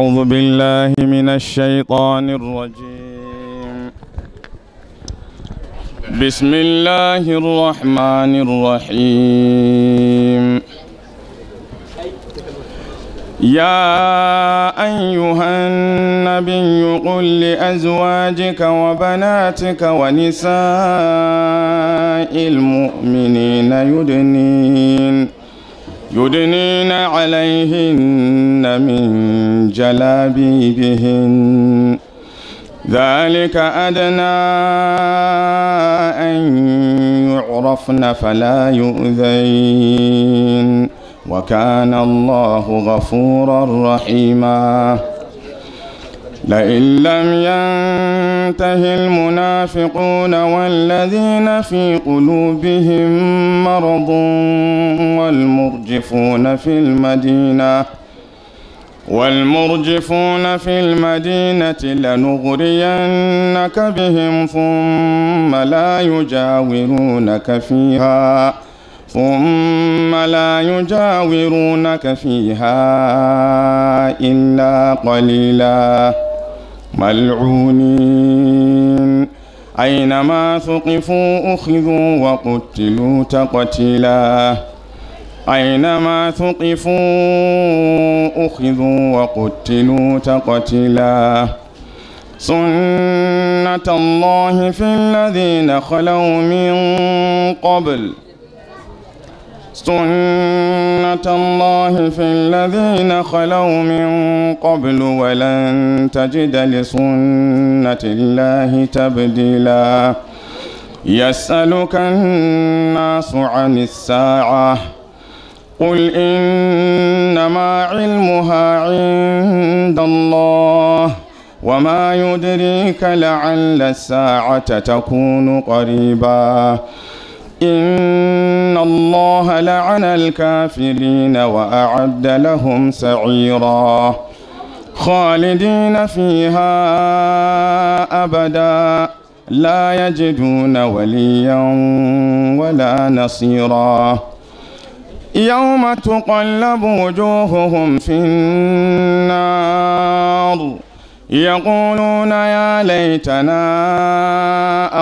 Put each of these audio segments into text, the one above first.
أعوذ بالله من الشيطان الرجيم بسم الله الرحمن الرحيم يا أيها النبي قل لأزواجك وبناتك ونساء المؤمنين يدنين يدنين عليهن من جلابيبهن ذلك أدنى أن يعرفن فلا يؤذين وكان الله غفورا رحيماً لئن لم ينته المنافقون والذين في قلوبهم مرض والمرجفون في المدينة والمرجفون في المدينة لنغرينك بهم ثم لا يجاورونك فيها ثم لا يجاورونك فيها إلا قليلاً ملعونين أينما ثقفوا أخذوا وقتلوا تقتيلا أينما ثقفوا أخذوا وقتلوا تقتيلا سنة الله في الذين خلوا من قبل سنة الله في الذين خلوا من قبل ولن تجد لسنة الله تبديلا يسألك الناس عن الساعة قل إنما علمها عند الله وما يدريك لعل الساعة تكون قريباً إن الله لعن الكافرين وأعد لهم سعيرا خالدين فيها أبدا لا يجدون وليا ولا نصيرا يوم تقلب وجوههم في النار يقولون يا ليتنا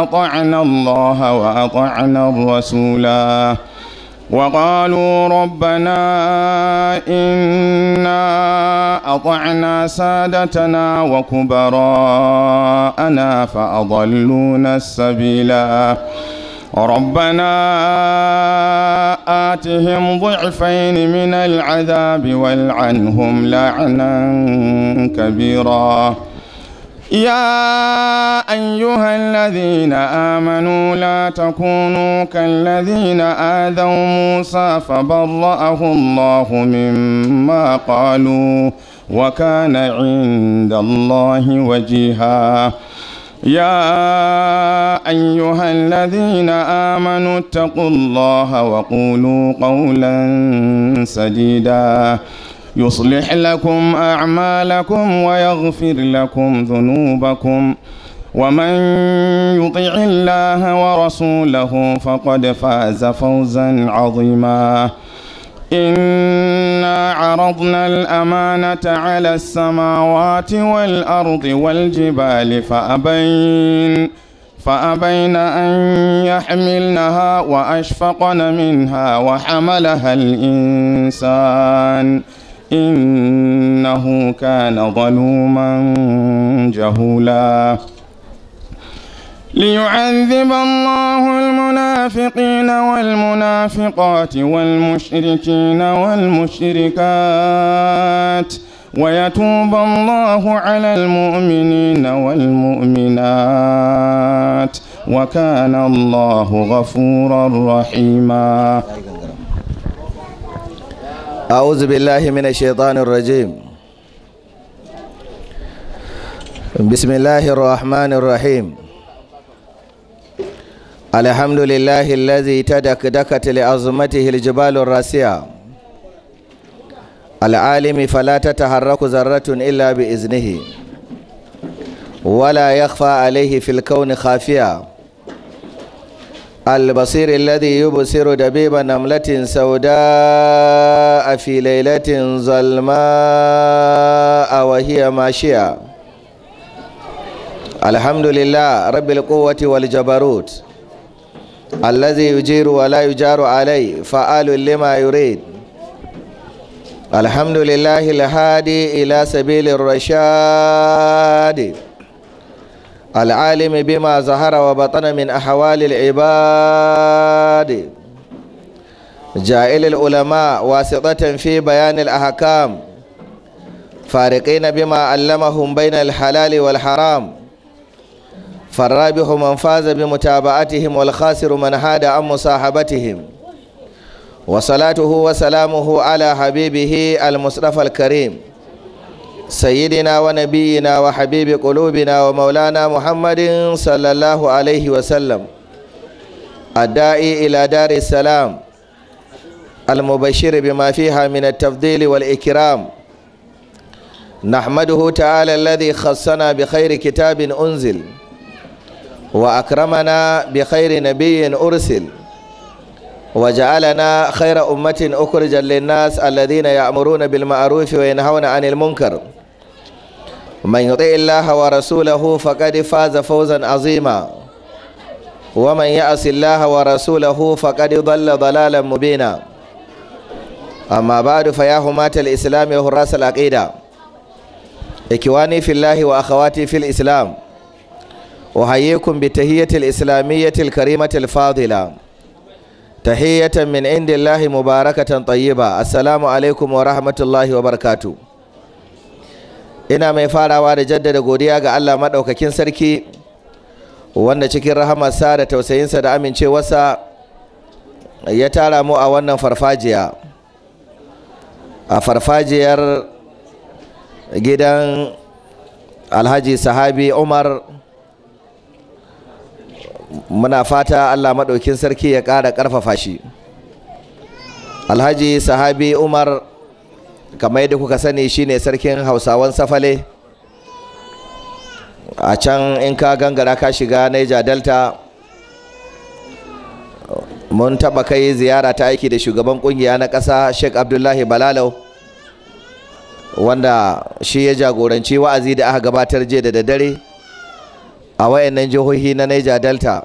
أطعنا الله وأطعنا الرسولا وقالوا ربنا إنا أطعنا سادتنا وكبراءنا فأضلونا السبيلا ربنا آتهم ضعفين من العذاب والعنهم لعنا كبيرا يا أيها الذين آمنوا لا تكونوا كالذين آذوا موسى فبرأه الله مما قالوا وكان عند الله وجيهاً يا أيها الذين آمنوا اتقوا الله وقولوا قولا سديدا يصلح لكم أعمالكم ويغفر لكم ذنوبكم ومن يطع الله ورسوله فقد فاز فوزا عظيما إنا عرضنا الأمانة على السماوات والأرض والجبال فأبين فأبين أن يحملنها وأشفقن منها وحملها الإنسان إنه كان ظلوما جهولا ليعذب الله المنافقين والمنافقات والمشركين والمشركات ويتوب الله على المؤمنين والمؤمنات وكان الله غفورا رحيما أعوذ بالله من الشيطان الرجيم بسم الله الرحمن الرحيم الحمد لله الذي تدكدكت لعظمته الجبال الراسية العالم فلا تتحرك ذرة إلا بإذنه ولا يخفى عليه في الكون خافية البصير الذي يبصر دبيب نملة سوداء في ليلة ظلماء وهي ماشية الحمد لله رب القوة والجبروت allazi yujiru wa la yujaru alai fa'alul lima yurid alhamdulillahi alhadi ila sabilir rashad العالم بما ظهر وبطن من أحوال العباد جائل العلماء واسطة في بيان الأحكام فارقين بما علمهم بين الحلال والحرام فالرابح من فاز بمتابعتهم والخاسر من حاد عن مصاحبتهم وصلاته وسلامه على حبيبه المصطفى الكريم سيدنا ونبينا وحبيب قلوبنا ومولانا محمد صلى الله عليه وسلم الداعي إلى دار السلام المبشر بما فيها من التفضيل والإكرام نحمده تعالى الذي خصنا بخير كتاب أنزل وأكرمنا بخير نبي أرسل وجعلنا خير أمة أخرجا للناس الذين يأمرون بالمعروف وينهون عن المنكر من يطيع الله ورسوله فقد فاز فوزا عظيما ومن يأس الله ورسوله فقد ضل ضلالا مبينا أما بعد فيا هماة الإسلام وحراس العقيدة إكواني في الله وأخواتي في الإسلام أحييكم بتهية الإسلامية الكريمة الفاضلة تحية من عند الله مباركة طيبة السلام عليكم ورحمة الله وبركاته ina mai farawa da jaddada godiya ga Allah maɗaukakin sarki wanda cikin rahamarsa da tausayinsa da amincewarsa ya tara mu a wannan farfajiya a farfajiyar gidan alhaji sahabi umar muna fata Allah maɗaukin sarki ya kara ƙarfafa shi alhaji sahabi umar kamar yadda kuka sani shine sarkin hausawan safale a can in ka gangara ka shiga naija delta mun taba kai ziyara ta aiki da shugaban ƙungiya na ƙasa sheikh abdullahi balalau wanda shi ya jagoranci wa'azi da aka gabatar jiya da daddare a wayannan jihohi na Niger Delta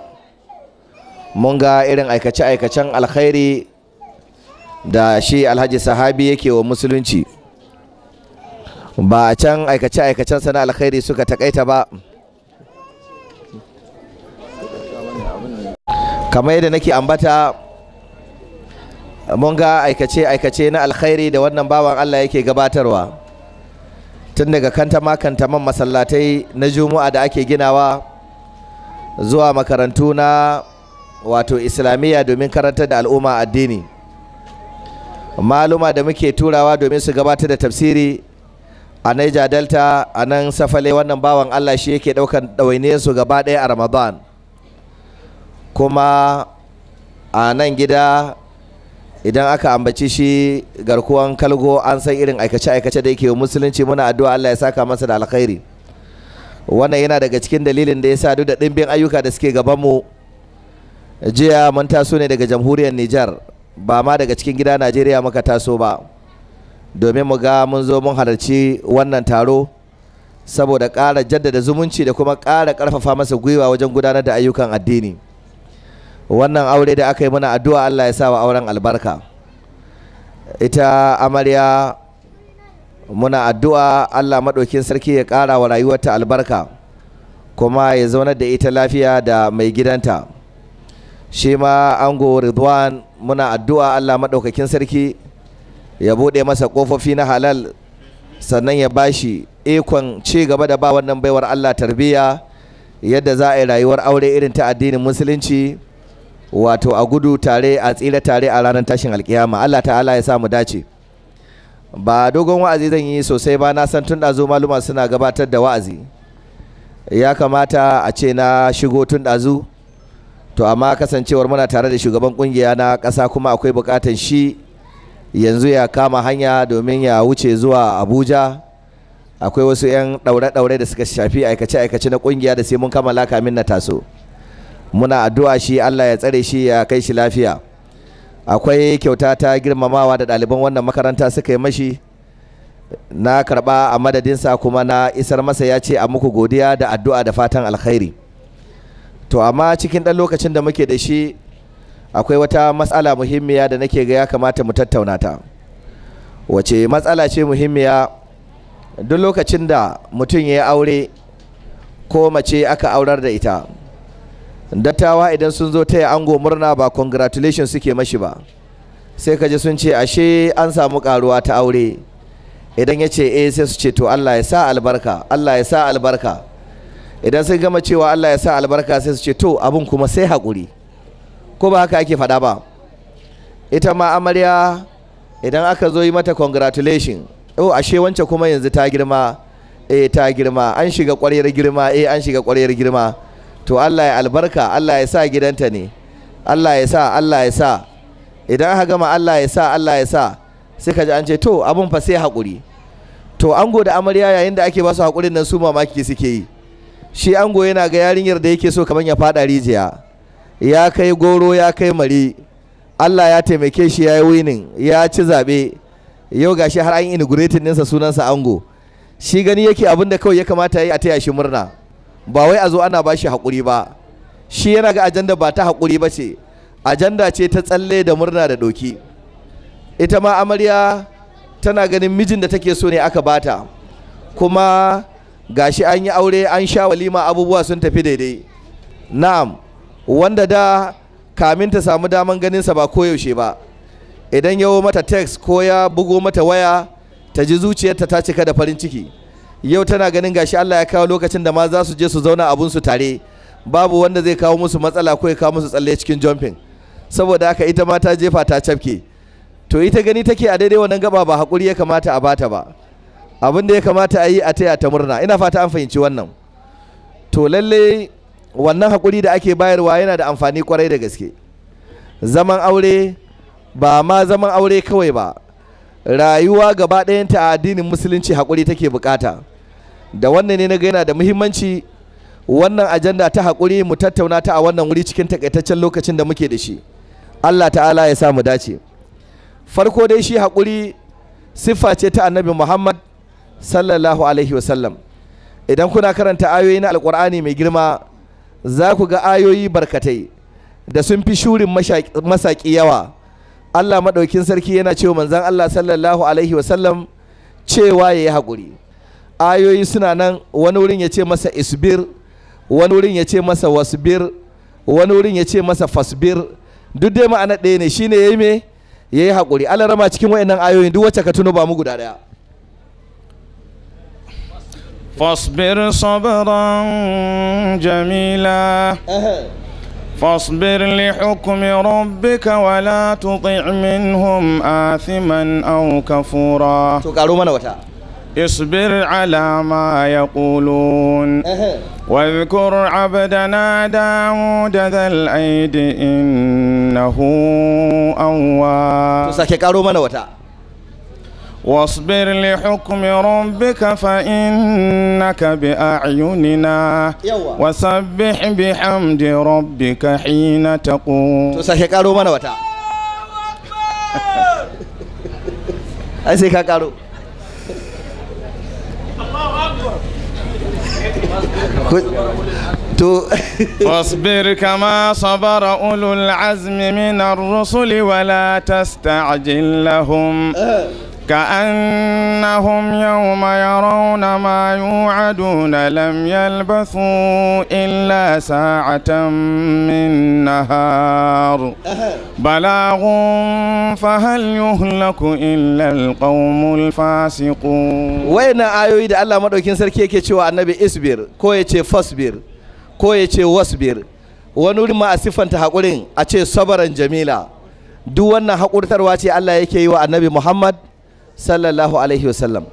mun ga irin aikace-aikacen alkhairi da shi Alhaji Sahabi yake wa musulunci ba a can aikace-aikacen sana alkhairi suka takaita ba kamar yadda nake ambata mun ga aikace-aikace na alkhairi da wannan bawan Allah yake gabatarwa tun daga kanta makanta man masallatai na juma'a da ake ginawa zuwa makarantu na wato islamiyya domin karanta da al'umma addini maluma da muke turawa domin su gabatar da tafsiri a naija Delta a nan safale wannan bawan Allah shi yake ɗaukan ɗawainiyar su gaba ɗaya a Ramadan kuma a nan gida idan aka ambaci shi garkuwan kalgo an san irin aikace-aikace da yake musulunci muna addu'a Allah ya saka masa da alkhairi wannan yana daga cikin dalilin da ya sa duk da ɗimbin ayyuka da suke gabanmu jiya mun taso ne daga jamhuriyar Nijar ba ma daga cikin gida Najeriya muka taso ba domin mu ga mun zo mun halarci wannan taro saboda ƙara jaddada zumunci da kuma ƙara ƙarfafa masa gwiwa wajen gudanar da ayyukan addini. wannan aure da aka yi mana addu'a Allah ya sa wa auren albarka ita amarya muna addu'a Allah maɗaukin sarki ya ƙara wa rayuwarta albarka kuma ya zaunar da ita lafiya da mai gidanta shi ma ango Ridwan muna addu'a Allah maɗaukakin sarki ya buɗe masa ƙofofi na halal sannan ya bashi ikon ci gaba da ba wannan baiwar Allah tarbiyya yadda za a yi rayuwar aure irin ta addinin musulunci wato a gudu tare a tsira tare a ranar tashin alkiyama Allah ta'ala ya sa mu dace ba dogon wa'azi zan yi sosai ba na san tun ɗazu maluma suna gabatar da wa'azi ya kamata a ce na shigo tun ɗazu to amma kasancewar muna tare da shugaban kungiya na ƙasa kuma akwai buƙatar shi yanzu ya kama hanya domin ya wuce zuwa abuja akwai wasu 'yan ɗaure-ɗaure da suka shafi aikace-aikace na kungiya da sai mun kammala kamin na taso muna addu'a shi Allah ya tsare shi ya kai shi lafiya akwai kyauta ta girmamawa da ɗaliban wannan makaranta suka yi mashi na karɓa a madadinsa kuma na isar masa ya ce a muku godiya da addu'a da fatan alkhairi to amma cikin ɗan lokacin da muke da shi akwai wata matsala muhimmiya da nake ga ya kamata mu tattauna ta wace matsala ce muhimmiya duk lokacin da mutum ya yi aure ko mace aka aurar da ita dattawa idan sun zo taya ango murna ba congratulations suke mashi ba sai ka ji sun ce ashe an samu karuwa ta aure idan ya ce eh sai su ce to Allah ya sa albarka Allah ya sa albarka idan sun gama cewa Allah ya sa albarka sai su ce to abun kuma sai haƙuri ko ba haka ake faɗa ba ita ma amarya idan aka zo yi mata congratulation oh ashe wance kuma yanzu ta girma eh ta girma an shiga ƙwaryar girma eh an shiga ƙwaryar girma to Allah ya albarka Allah ya sa gidanta ne Allah ya sa Allah ya sa idan ha gama Allah ya sa Allah ya sa sai ka ji an ce to abun fa sai haƙuri to ango da amarya yayin da ake basu su haƙurin nan su mamaki suke yi shi ango yana ga yarinyar da yake so kamar ya fada rijiya ya kai goro ya kai mari Allah ya taimake shi ya yi winin ya ci zabe yau gashi har an inaugurating ɗinsa sunansa ango shi gani yake abin da kawai ya kamata ya yi a taya shi murna ba wai a zo ana ba shi haƙuri ba shi yana ga ajanda ba ta haƙuri ba ce ajanda ce ta tsalle da murna da ɗoki ita ma amarya tana ganin mijin da take so ne aka bata kuma ga shi an yi aure an sha walima abubuwa sun tafi daidai na'am wanda da kamin ta samu daman ganinsa ba koyaushe ba idan yawo mata text ko ya bugo mata waya ta ji zuciyarta ta cika da farin ciki yau tana ganin gashi Allah ya kawo lokacin da ma za su je su zauna abun su tare babu wanda zai kawo musu matsala ko ya kawo musu tsalle cikin jumping saboda haka ita ma ta jefa ta cafke to ita gani take a daidai wannan gaba ba hakuri ya kamata a bata ba abin da ya kamata a yi a taya ta murna ina fata an fahimci wannan to lalle wannan hakuri da ake bayarwa yana da amfani kwarai da gaske zaman aure ba ma zaman aure kawai ba rayuwa gaba ɗayanta a addinin musulunci haƙuri take bukata da wannan ne na ga yana da muhimmanci wannan ajanda ta haƙuri mu tattauna ta a wannan wuri cikin takaitaccen lokacin da muke da shi Allah ta'ala ya samu dace farko dai shi haƙuri siffa ce ta annabi Muhammad sallallahu alaihi wasallam idan kuna karanta ayoyi na alƙur'ani mai girma za ku ga ayoyi barkatai da sun fi shurin masaƙi yawa Allah maɗaukin sarki yana cewa manzan Allah sallallahu alaihi wasallam cewa ya yi haƙuri ayoyi suna nan wani wurin ya ce masa isbir wani wurin ya ce masa wasbir wani wurin ya ce masa fasbir duk dai ma'ana ɗaya ne shine ya yi me ya yi haƙuri Allah rama cikin wa'annan ayoyin duk wacce ka tuno ba mu guda ɗaya Fasbir صبرا jamila. فاصبر لحكم ربك ولا تطع منهم آثما أو كفورا اصبر على ما يقولون واذكر عبدنا داود ذا الأيد إنه أواب واصبر لحكم ربك فإنك بأعيننا وسبح بحمد ربك حين تقوم ai sai فاصبر كما صبر أولو العزم من الرسل ولا تستعجل لهم أه. كأنهم يوم يرون ما يوعدون لم يلبثوا إلا ساعة من نهار بلاغ فهل يهلك إلا القوم الفاسقون وين آيوي دا الله مدوكين سركي كيشوا النبي اسبر كويتشي فاصبر كويتشي واصبر ونور ما أسفن تحقولين أتشي صبرا جميلا دو wannan haƙurtarwa ce Allah yake yi wa annabi Muhammad sallallahu alaihi wasallam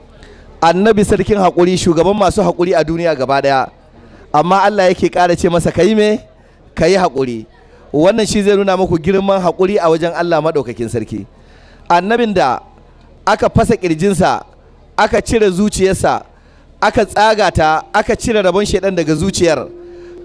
annabi sarkin haƙuri shugaban masu haƙuri a duniya gaba ɗaya amma Allah yake ƙara ce masa kai me ka yi haƙuri wannan shi zai nuna muku girman haƙuri a wajen Allah maɗaukakin sarki annabin da aka fasa ƙirjinsa aka cire zuciyarsa aka tsaga ta aka cire rabon shaidan daga zuciyar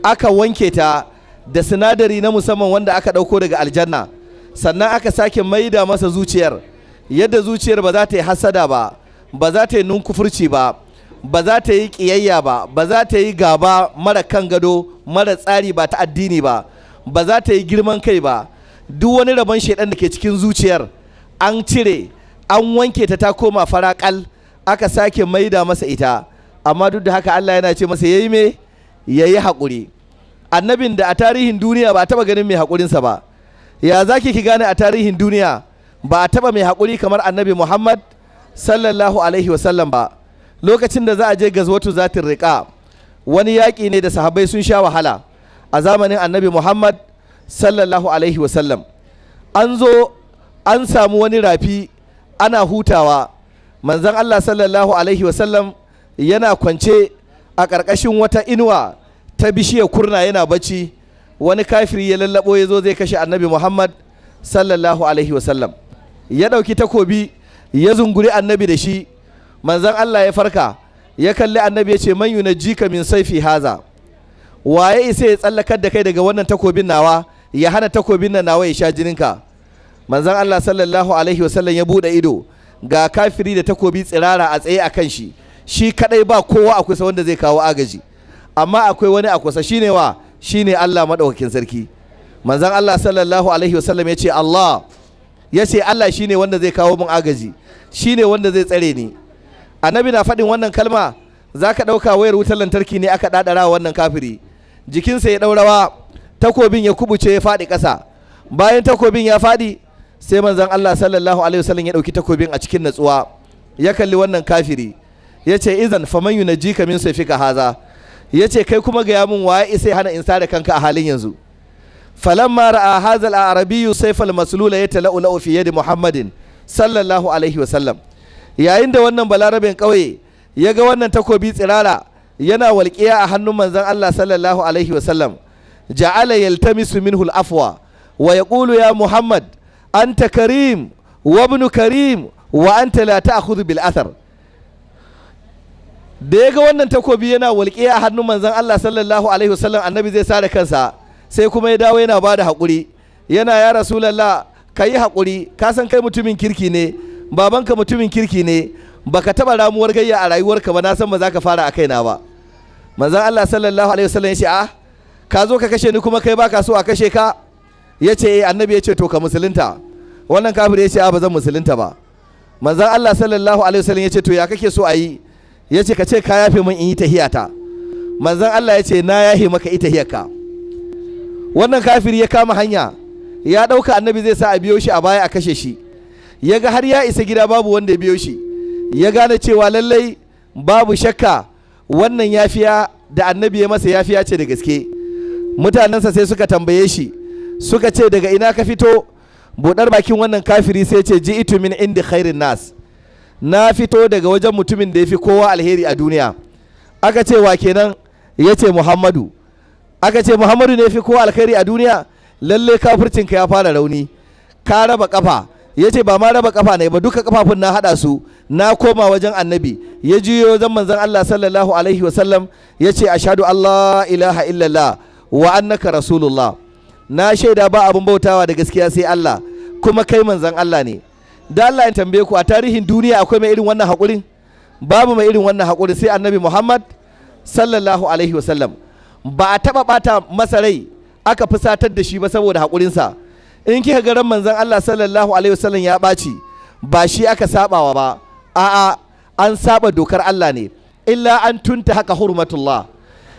aka wanke ta da sinadari na musamman wanda aka ɗauko daga aljanna sannan aka sake maida masa zuciyar yadda zuciyar ba za ta yi hasada ba ba za ta yi nunkufurci ba ba za ta yi ƙiyayya ba ba za ta yi gaba mara kan gado mara tsari ba ta addini ba ba za ta yi girman kai ba duk wani rabon shaidan da ke cikin zuciyar an cire an wanke ta ta koma faraƙal aka sake maida masa ita amma duk da haka Allah yana ce masa yayi me yayi hakuri annabin da a tarihin duniya ba taɓa ganin mai haƙurinsa ba ya zaki ki gane a tarihin duniya ba a taba mai haƙuri kamar annabi muhammad sallallahu alaihi wasallam ba lokacin da za a je gazwatu zatin riƙa wani yaƙi ne da sahabbai sun sha wahala a zamanin annabi muhammad sallallahu alaihi wasallam an zo an samu wani rafi ana hutawa manzan allah sallallahu alaihi wasallam yana kwance a ƙarƙashin wata inuwa ta bishiyar kurna yana bacci wani kafiri ya lallaɓo ya zo zai kashe annabi muhammad sallallahu alaihi wasallam ya ɗauki takobi ya zunguri annabi da shi manzan Allah ya farka ya kalli annabi ya ce man yunajjika min saifi haza waye isa ya tsallakar da kai daga wannan takobin nawa ya hana takobin nan nawa ya sha jininka manzan Allah sallallahu alaihi wasallam ya buɗe ido ga kafiri da takobi tsirara a tsaye akan shi shi kadai ba kowa a kusa wanda zai kawo agaji amma akwai wani a kusa shine wa shine Allah madaukakin sarki manzan Allah sallallahu alaihi wasallam ya ce Allah ya ce Allah shine wanda zai kawo mun agaji shi ne wanda zai tsare ni annabi na faɗin wannan kalma za ka ɗauka wayar wutar lantarki ne aka ɗaɗara wannan kafiri jikinsa ya ɗaurawa takobin ya kubuce ya faɗi ƙasa bayan takobin ya faɗi sai manzon Allah sallallahu alaihi wasallam ya ɗauki takobin a cikin natsuwa ya kalli wannan kafiri ya ce izan faman yunajika min ka haza ya ce kai kuma ga yamin waye sai hana in sare kanka a halin yanzu falamma ra'a hadha al-arabi sayf al-maslula yatala'u fi yadi muhammadin sallallahu alaihi wasallam yayin da wannan balarabin kauye ya ga wannan takobi tsirara yana walƙiya a hannun manzon Allah sallallahu alaihi wasallam ja'ala yaltamisu minhu al-afwa wa yaqulu ya muhammad anta karim wa ibn karim wa anta la ta'khudhu bil athar da ya ga wannan takobi yana walƙiya a hannun manzon Allah sallallahu alaihi wasallam annabi zai sare kansa sai kuma ya dawo yana ba da haƙuri yana ya rasulallah ka yi haƙuri ka san kai mutumin kirki ne babanka mutumin kirki ne ba ka taɓa ramuwar gayya a rayuwarka ba na san ba za ka fara a kaina ba manzan Allah sallallahu alaihi wasallam ya ce ah ka zo ka kashe ni kuma kai ka so a kashe ka ya ce eh, annabi ya ce to ka musulunta wannan kafir ya ce a ah, ba zan musulunta ba manzan Allah sallallahu alaihi wasallam ya ce to ya kake so a yi ya ce ka ce ka yafe min in yi tahiyata manzan Allah ya ce na yafe maka ita hiyarka wannan kafiri ya kama hanya ya ɗauka annabi zai sa a biyo shi a baya a kashe shi ya ga har ya isa gida babu wanda ya biyo shi ya gane cewa lallai babu shakka wannan yafiya da annabi ya masa yafiya ce da gaske mutanensa sai suka tambaye shi suka ce daga ina ka fito buɗar bakin wannan kafiri sai ce ji itu min indi khairin nas na fito daga wajen mutumin da ya fi kowa alheri a duniya aka ce wa kenan ya ce muhammadu aka ce muhammadu ne fi kowa alkhairi a duniya lalle kafircinka ya fara rauni ka raba kafa ya ce ba ma raba kafa ne ba duka kafafun na haɗa su na koma wajen annabi ya juyo zan manzon Allah sallallahu alaihi wasallam ya ce ashadu Allah ilaha illallah wa annaka rasulullah na shaida ba abin bautawa da gaskiya sai Allah kuma kai manzon Allah ne da Allah ya tambaye ku a tarihin duniya akwai mai irin wannan haƙurin babu mai irin wannan haƙuri sai annabi Muhammad sallallahu alaihi wasallam ba a taɓa ɓata masa rai aka fusatar da shi ba saboda haƙurinsa in kika ga ran manzon Allah sallallahu alaihi wasallam ya ɓaci ba shi aka sabawa ba a'a an saba dokar Allah ne illa an tunta haka hurmatullah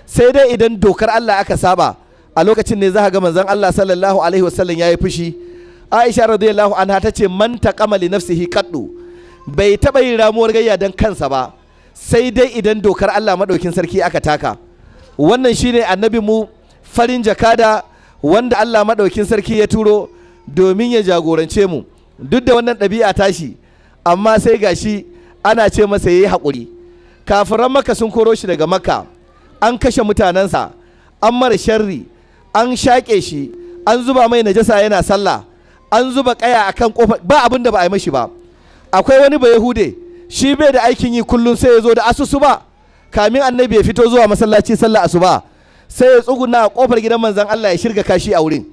sai dai idan dokar Allah aka saba a lokacin ne za ga manzon Allah sallallahu alaihi wasallam yayi fushi Aisha radiyallahu anha ce man taqama li nafsihi qaddu bai taɓa yin ramuwar gayya dan kansa ba sai dai idan dokar Allah madaukin sarki aka taka wannan shine annabi mu farin jakada wanda Allah maɗaukin sarki ya turo domin ya jagorance mu duk da wannan ɗabi'a tashi amma sai gashi ana ce masa ya yayi haƙuri kafiran maka sun koro shi daga maka an kashe mutanensa an mara sharri an shaƙe shi an zuba mai najasa yana sallah an zuba ƙaya akan kofa ba abin da ba a yi mashi ba akwai wani ba ya hude shi bai da aikin yi kullum sai ya zo da asusu ba kamin annabi ya fito zuwa masallaci sallah asuba sai ya tsuguna a kofar gidan manzon Allah ya shirga kashi a wurin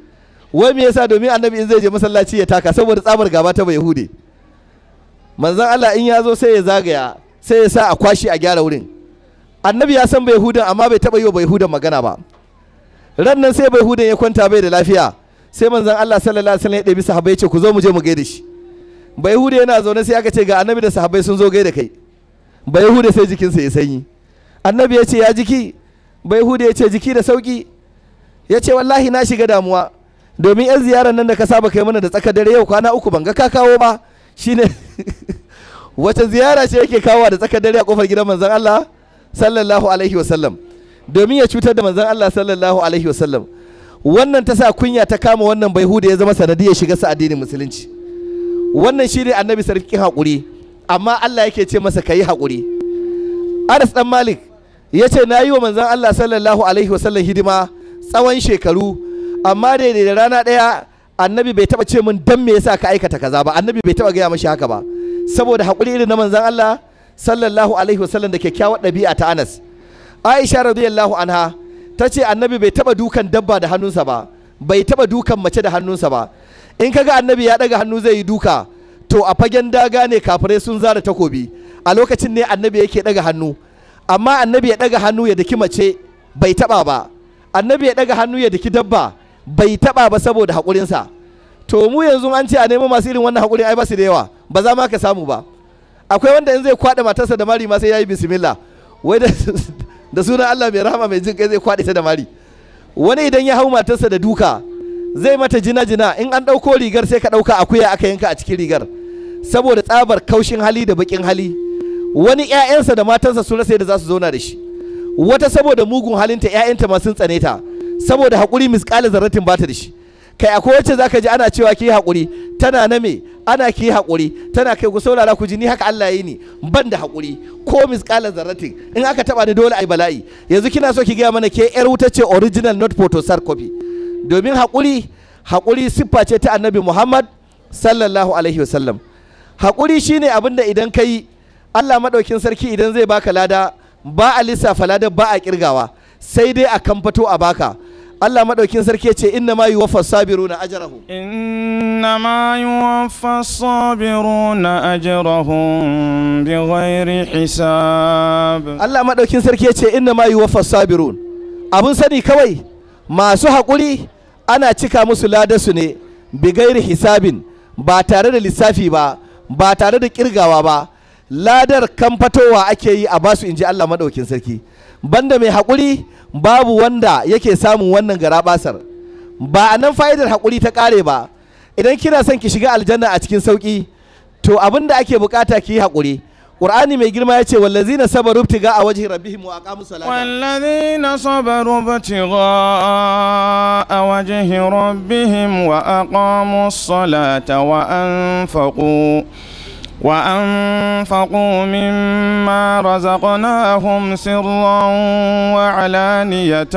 wai me yasa domin annabi in zai je masallaci ya taka saboda tsabar gaba ta hude manzon Allah in ya zo sai ya zagaya sai ya sa a kwashi a gyara wurin annabi ya san bayahudan amma bai taba yi wa bayahudan magana ba ran nan sai bayahudan ya kwanta bai da lafiya sai manzon Allah sallallahu alaihi wasallam ya ɗebi sahabbai ya ce ku zo mu je mu gaida shi bayahuda yana zaune sai aka ce ga annabi da sahabbai sun zo gaida kai bayahuda sai jikinsa ya sanyi annabi ya ce ya jiki bai hude ya ce jiki da sauki ya ce wallahi na shiga damuwa domin yan ziyarar nan da ka saba kai mana da tsakar dare yau kwana uku ban ga ka kawo ba shine wacce ziyara ce yake kawo da tsakar dare a kofar gidan manzon Allah sallallahu alaihi wasallam domin ya cutar da manzon Allah sallallahu alaihi wasallam wannan ta sa kunya ta kama wannan bai hude ya zama sanadiyar shiga sa addinin musulunci wannan shine annabi sarkin hakuri amma Allah yake ce masa kai hakuri Anas dan Malik ya ce na yi wa manzan Allah sallallahu alaihi wasallam hidima tsawon shekaru amma daidai da rana ɗaya annabi bai taɓa ce min don me yasa ka aikata kaza ba annabi bai taɓa gaya mashi haka ba saboda haƙuri irin na manzan Allah sallallahu alaihi wasallam da kyakkyawar ɗabi'a ta Anas Aisha radiyallahu anha ta ce annabi bai taɓa dukan dabba da hannunsa ba bai taɓa dukan mace da hannunsa ba in kaga annabi ya ɗaga hannu zai yi duka to a fagen daga ne kafirai sun zara takobi a lokacin ne annabi yake ɗaga hannu amma annabi ya daga hannu ya daki mace bai taba ba annabi ya daga hannu ya daki dabba bai taba ba saboda haƙurinsa to mu yanzu an ce a nemo masu irin wannan haƙurin ai ba su da yawa ba za ma ka samu ba akwai wanda in zai kwaɗa matarsa da mari ma sai ya yi bismillah wai da sunan Allah mai rahama mai jin zai kwaɗe ta da mari wani idan ya hau matarsa da duka zai mata jina-jina in an ɗauko rigar sai ka ɗauka akuya aka yanka a cikin rigar saboda tsabar kaushin hali da baƙin hali wani ƴaƴansa da matansa sun rasa yadda za su zauna da shi wata saboda mugun halinta ƴaƴanta masu tsane ta saboda haƙuri misƙalin zarratin ba ta da shi kai akwai wacce zaka ji ana cewa ki haƙuri tana na me ana ki haƙuri tana kai ku saurara ku ji ni haka Allah yi ni ban da haƙuri ko misƙalan zarratin in aka taba ni dole ai bala'i yanzu kina so ki gaya mana ke ƴar wuta ce original not photosarcopy domin haƙuri haƙuri siffa ce ta annabi Muhammad sallallahu alaihi wasallam haƙuri shine abinda idan kai Allah maɗaukin sarki idan zai baka lada ba a lissafa ladar ba a kirgawa sai dai a fito a baka Allah maɗaukin sarki ce inna ma yi wafa sabiru na ajarahu. Inna ma yi wafa sabiru na ajarahu bi ghairi hisab. Allah maɗaukin sarki ce inna ma yi wafa sabiru. Abun sani kawai masu haƙuri ana cika musu su ne bi gairi hisabin ba tare da lissafi ba ba tare da kirgawa ba ladar kan fatowa ake yi a basu in ji Allah maɗaukin sarki banda mai haƙuri babu wanda yake samun wannan garabasar ba a nan fa'idar haƙuri ta ƙare ba idan kina son ki shiga aljanna a cikin sauƙi to abin da ake buƙata ki yi haƙuri ƙur'ani mai girma ya ce wallazina sabaru ga a wajhi rabbihim wa aqamu salata wallazina sabaru ibtiga a wajhi rabbihim wa aqamu salata wa anfaqu وأنفقوا مما رزقناهم سرا وعلانية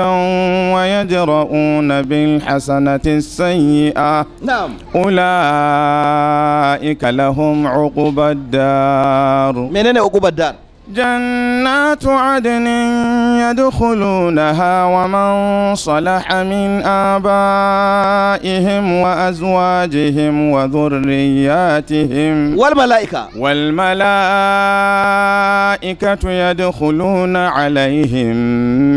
ويجرؤون بالحسنة السيئة نعم أولئك لهم عقبى الدار منين عقبى الدار؟ جنات عدن يدخلونها ومن صلح من آبائهم وأزواجهم وذرياتهم والملائكة والملائكة يدخلون عليهم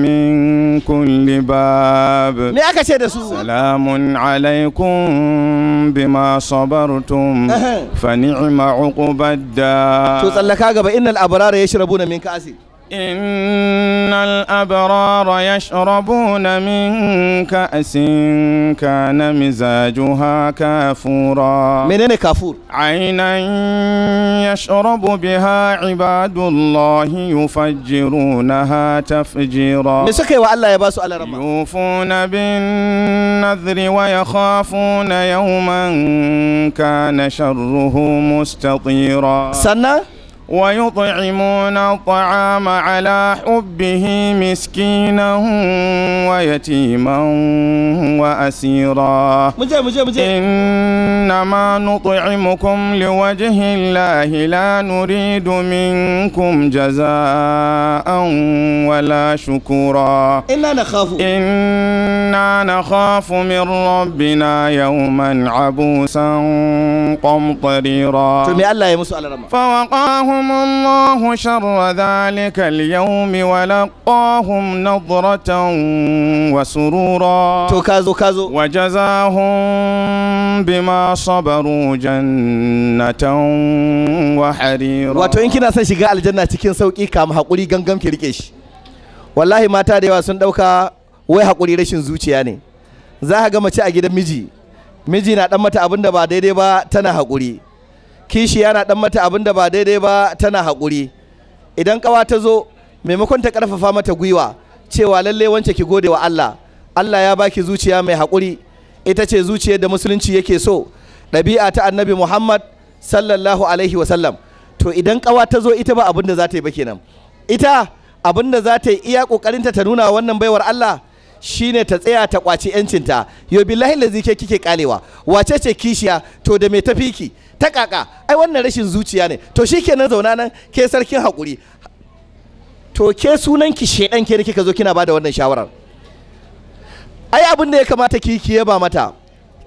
من كل باب سلام عليكم بما صبرتم فنعم عقب الدار إن الأبرار يشرب يشربون من كأس إن الأبرار يشربون من كأس كان مزاجها كافورا منين كافور عينا يشرب بها عباد الله يفجرونها تفجيرا مسكي والله يا باسو على يوفون بالنذر ويخافون يوما كان شره مستطيرا سنة ويطعمون الطعام على حبه مسكينا ويتيما وأسيرا إنما نطعمكم لوجه الله لا نريد منكم جزاء ولا شكورا إنا نخاف إنا نخاف من ربنا يوما عبوسا قمطريرا فوقاه فوقاهم الله شر ذلك اليوم ولقاهم نظرة وسرورا كازو كازو وجزاهم بما صبروا جنة وحريرا wato in kina son shiga aljanna cikin sauki kama hakuri gangam ki shi wallahi mata da yawa sun ɗauka wai hakuri rashin zuciya ne za ka ga mace a gidan miji miji na dan mata abun da ba daidai ba tana hakuri kishi yana dan mata abin da ba daidai ba tana hakuri idan ƙawa ta zo maimakon ta ƙarfafa mata gwiwa cewa lalle wance ki gode wa Allah Allah ya baki zuciya mai hakuri ita ce zuciyar da musulunci yake so ɗabi'a ta annabi Muhammad sallallahu alaihi wasallam to idan ƙawa ta zo ita ba abin da za ta yi ba kenan ita abin da za ta yi iya ƙoƙarinta ta nuna wannan baiwar Allah shine ta tsaya ta kwaci yancinta yo billahi lazi ke kike kalewa wace ce kishiya to da me tafi ki ta kaka ai wannan rashin zuciya ne to shikenan zauna nan ke sarkin hakuri to ke sunan ki shedan ke kika zo kina bada wannan shawarar ai abin da ya kamata ki ki yaba mata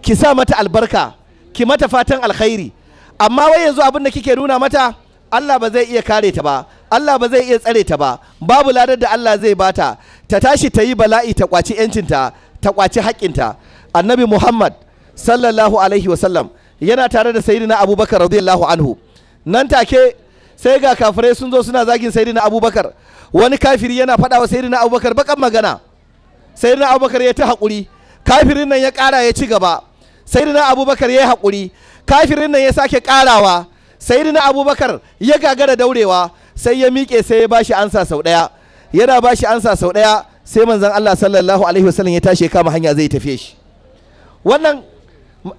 ki sa mata albarka ki mata fatan alkhairi amma wai yanzu abin da kike nuna mata Allah ba zai iya kare ta ba Allah ba zai iya tsare ta ba babu ladar da Allah zai bata ta tashi ta yi bala'i ta kwaci yancinta ta kwaci haƙƙinta annabi Muhammad sallallahu alaihi wasallam yana tare da sayyidina Abubakar radiyallahu anhu nan take sai ga kafirai sun zo suna zagin sayyidina Abubakar wani kafiri yana faɗa wa sayyidina Abubakar bakan magana sayyidina Abubakar ya ta haƙuri kafirin nan ya ƙara ya ci gaba sayyidina Abubakar ya yi haƙuri kafirin nan ya sake ƙarawa sayyidina Abubakar ya gagara daurewa sai ya miƙe sai ya bashi ansa sau ɗaya yana bashi ansa sau ɗaya sai manzon Allah sallallahu alaihi wasallam ya tashi ya kama hanya zai tafiye shi wannan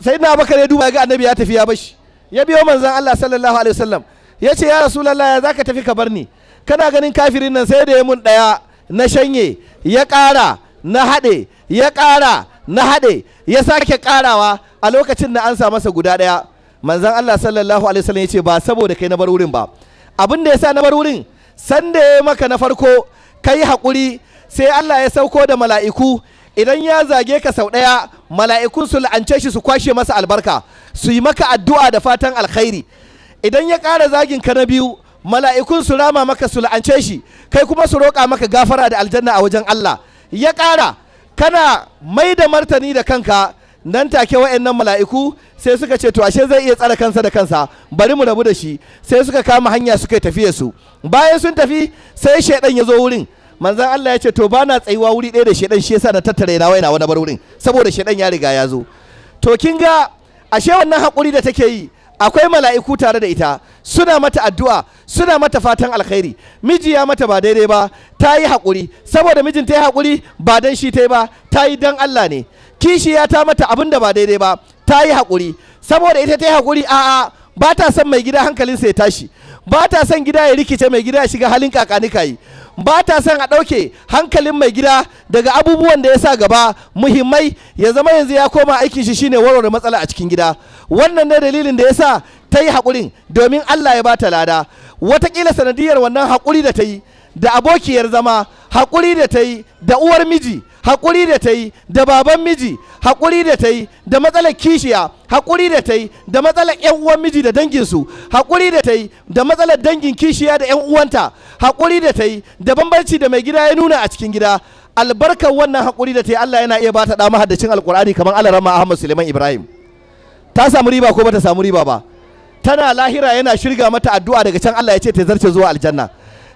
sai na bakar ya duba ga annabi ya tafi ya bashi ya biyo manzon Allah sallallahu alaihi wasallam ya ce ya rasulullah ya zaka tafi ka bar ni kana ganin kafirin nan sai da ya mun ɗaya na shanye ya ƙara na haɗe ya ƙara na haɗe ya sake ƙarawa a lokacin da ansa masa guda ɗaya manzon Allah sallallahu alaihi wasallam ya ce ba saboda kai na bar wurin ba abin da sa na bar wurin sanda ya maka na farko kai haƙuri sai Allah ya sauko da mala'iku idan ya zage ka sau ɗaya mala'ikun su la'ance shi su kwashe masa albarka su yi maka addu'a da fatan alkhairi idan ya ƙara zagin ka na biyu mala'ikun su rama maka su la'ance shi kai kuma su roƙa maka gafara da aljanna a wajen Allah ya ƙara kana mai da martani da kanka nan take wa'annan mala'iku sai suka ce to ashe zai iya tsare kansa da kansa bari mu rabu da shi sai suka kama hanya suka tafiye su bayan sun tafi sai shaidan ya zo wurin manzan Allah ya ce to bana tsayuwa wuri ɗaya da shaidan shi yasa na tattare na waina wani bar wurin saboda shaidan ya riga ya zo to kin ga ashe wannan hakuri da take yi akwai mala'iku tare da ita suna mata addu'a suna mata fatan alkhairi miji ya mata ba daidai ba ta yi hakuri saboda mijin ta yi hakuri ba dan shi ta yi ba ta yi dan Allah ne ya ta mata abin da ba daidai ba ta yi haƙuri saboda ita ta yi haƙuri a'a ba ta son mai gida hankalin ya tashi ba ta son gida ya rikice mai gida ya shiga halin kakanika yi ba ta son a ɗauke hankalin mai gida daga abubuwan da ya sa gaba muhimmai ya zama yanzu ya koma aikin shi shine warware matsala a cikin gida wannan ne dalilin da ya sa ta yi haƙurin domin allah ya ba ta lada watakila sanadiyar wannan haƙuri da ta yi da abokiyar zama haƙuri da ta yi da uwar miji haƙuri da ta yi da baban miji haƙuri da ta yi da matsalar kishiya haƙuri da ta yi da matsalar yan uwan miji da danginsu haƙuri da ta yi da matsalar dangin kishiya da yan uwanta haƙuri da ta yi da bambanci da mai gida ya nuna a cikin gida albarkar wannan haƙuri da ta yi Allah yana iya ba ta ɗa mahaddacin alƙur'ani kamar rama Ahmad Suleiman Ibrahim ta samu riba ko bata samu riba ba tana lahira yana shirga mata addu'a daga can Allah ya ce ta zarce zuwa aljanna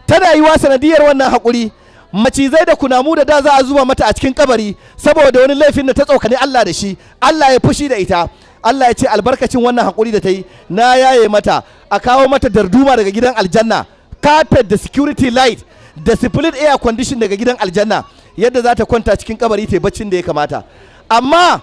tana yi wa sanadiyar wannan haƙuri macizai da kunamu da da za a zuba mata a cikin kabari saboda wani laifin da ta tsokane Allah da shi Allah ya fushi da ita Allah ya ce albarkacin wannan hakuri da ta yi na yaye mata a kawo mata darduma daga gidan aljanna carpet da security light da split air condition daga gidan aljanna yadda za ta kwanta cikin kabari ta baccin da ya kamata amma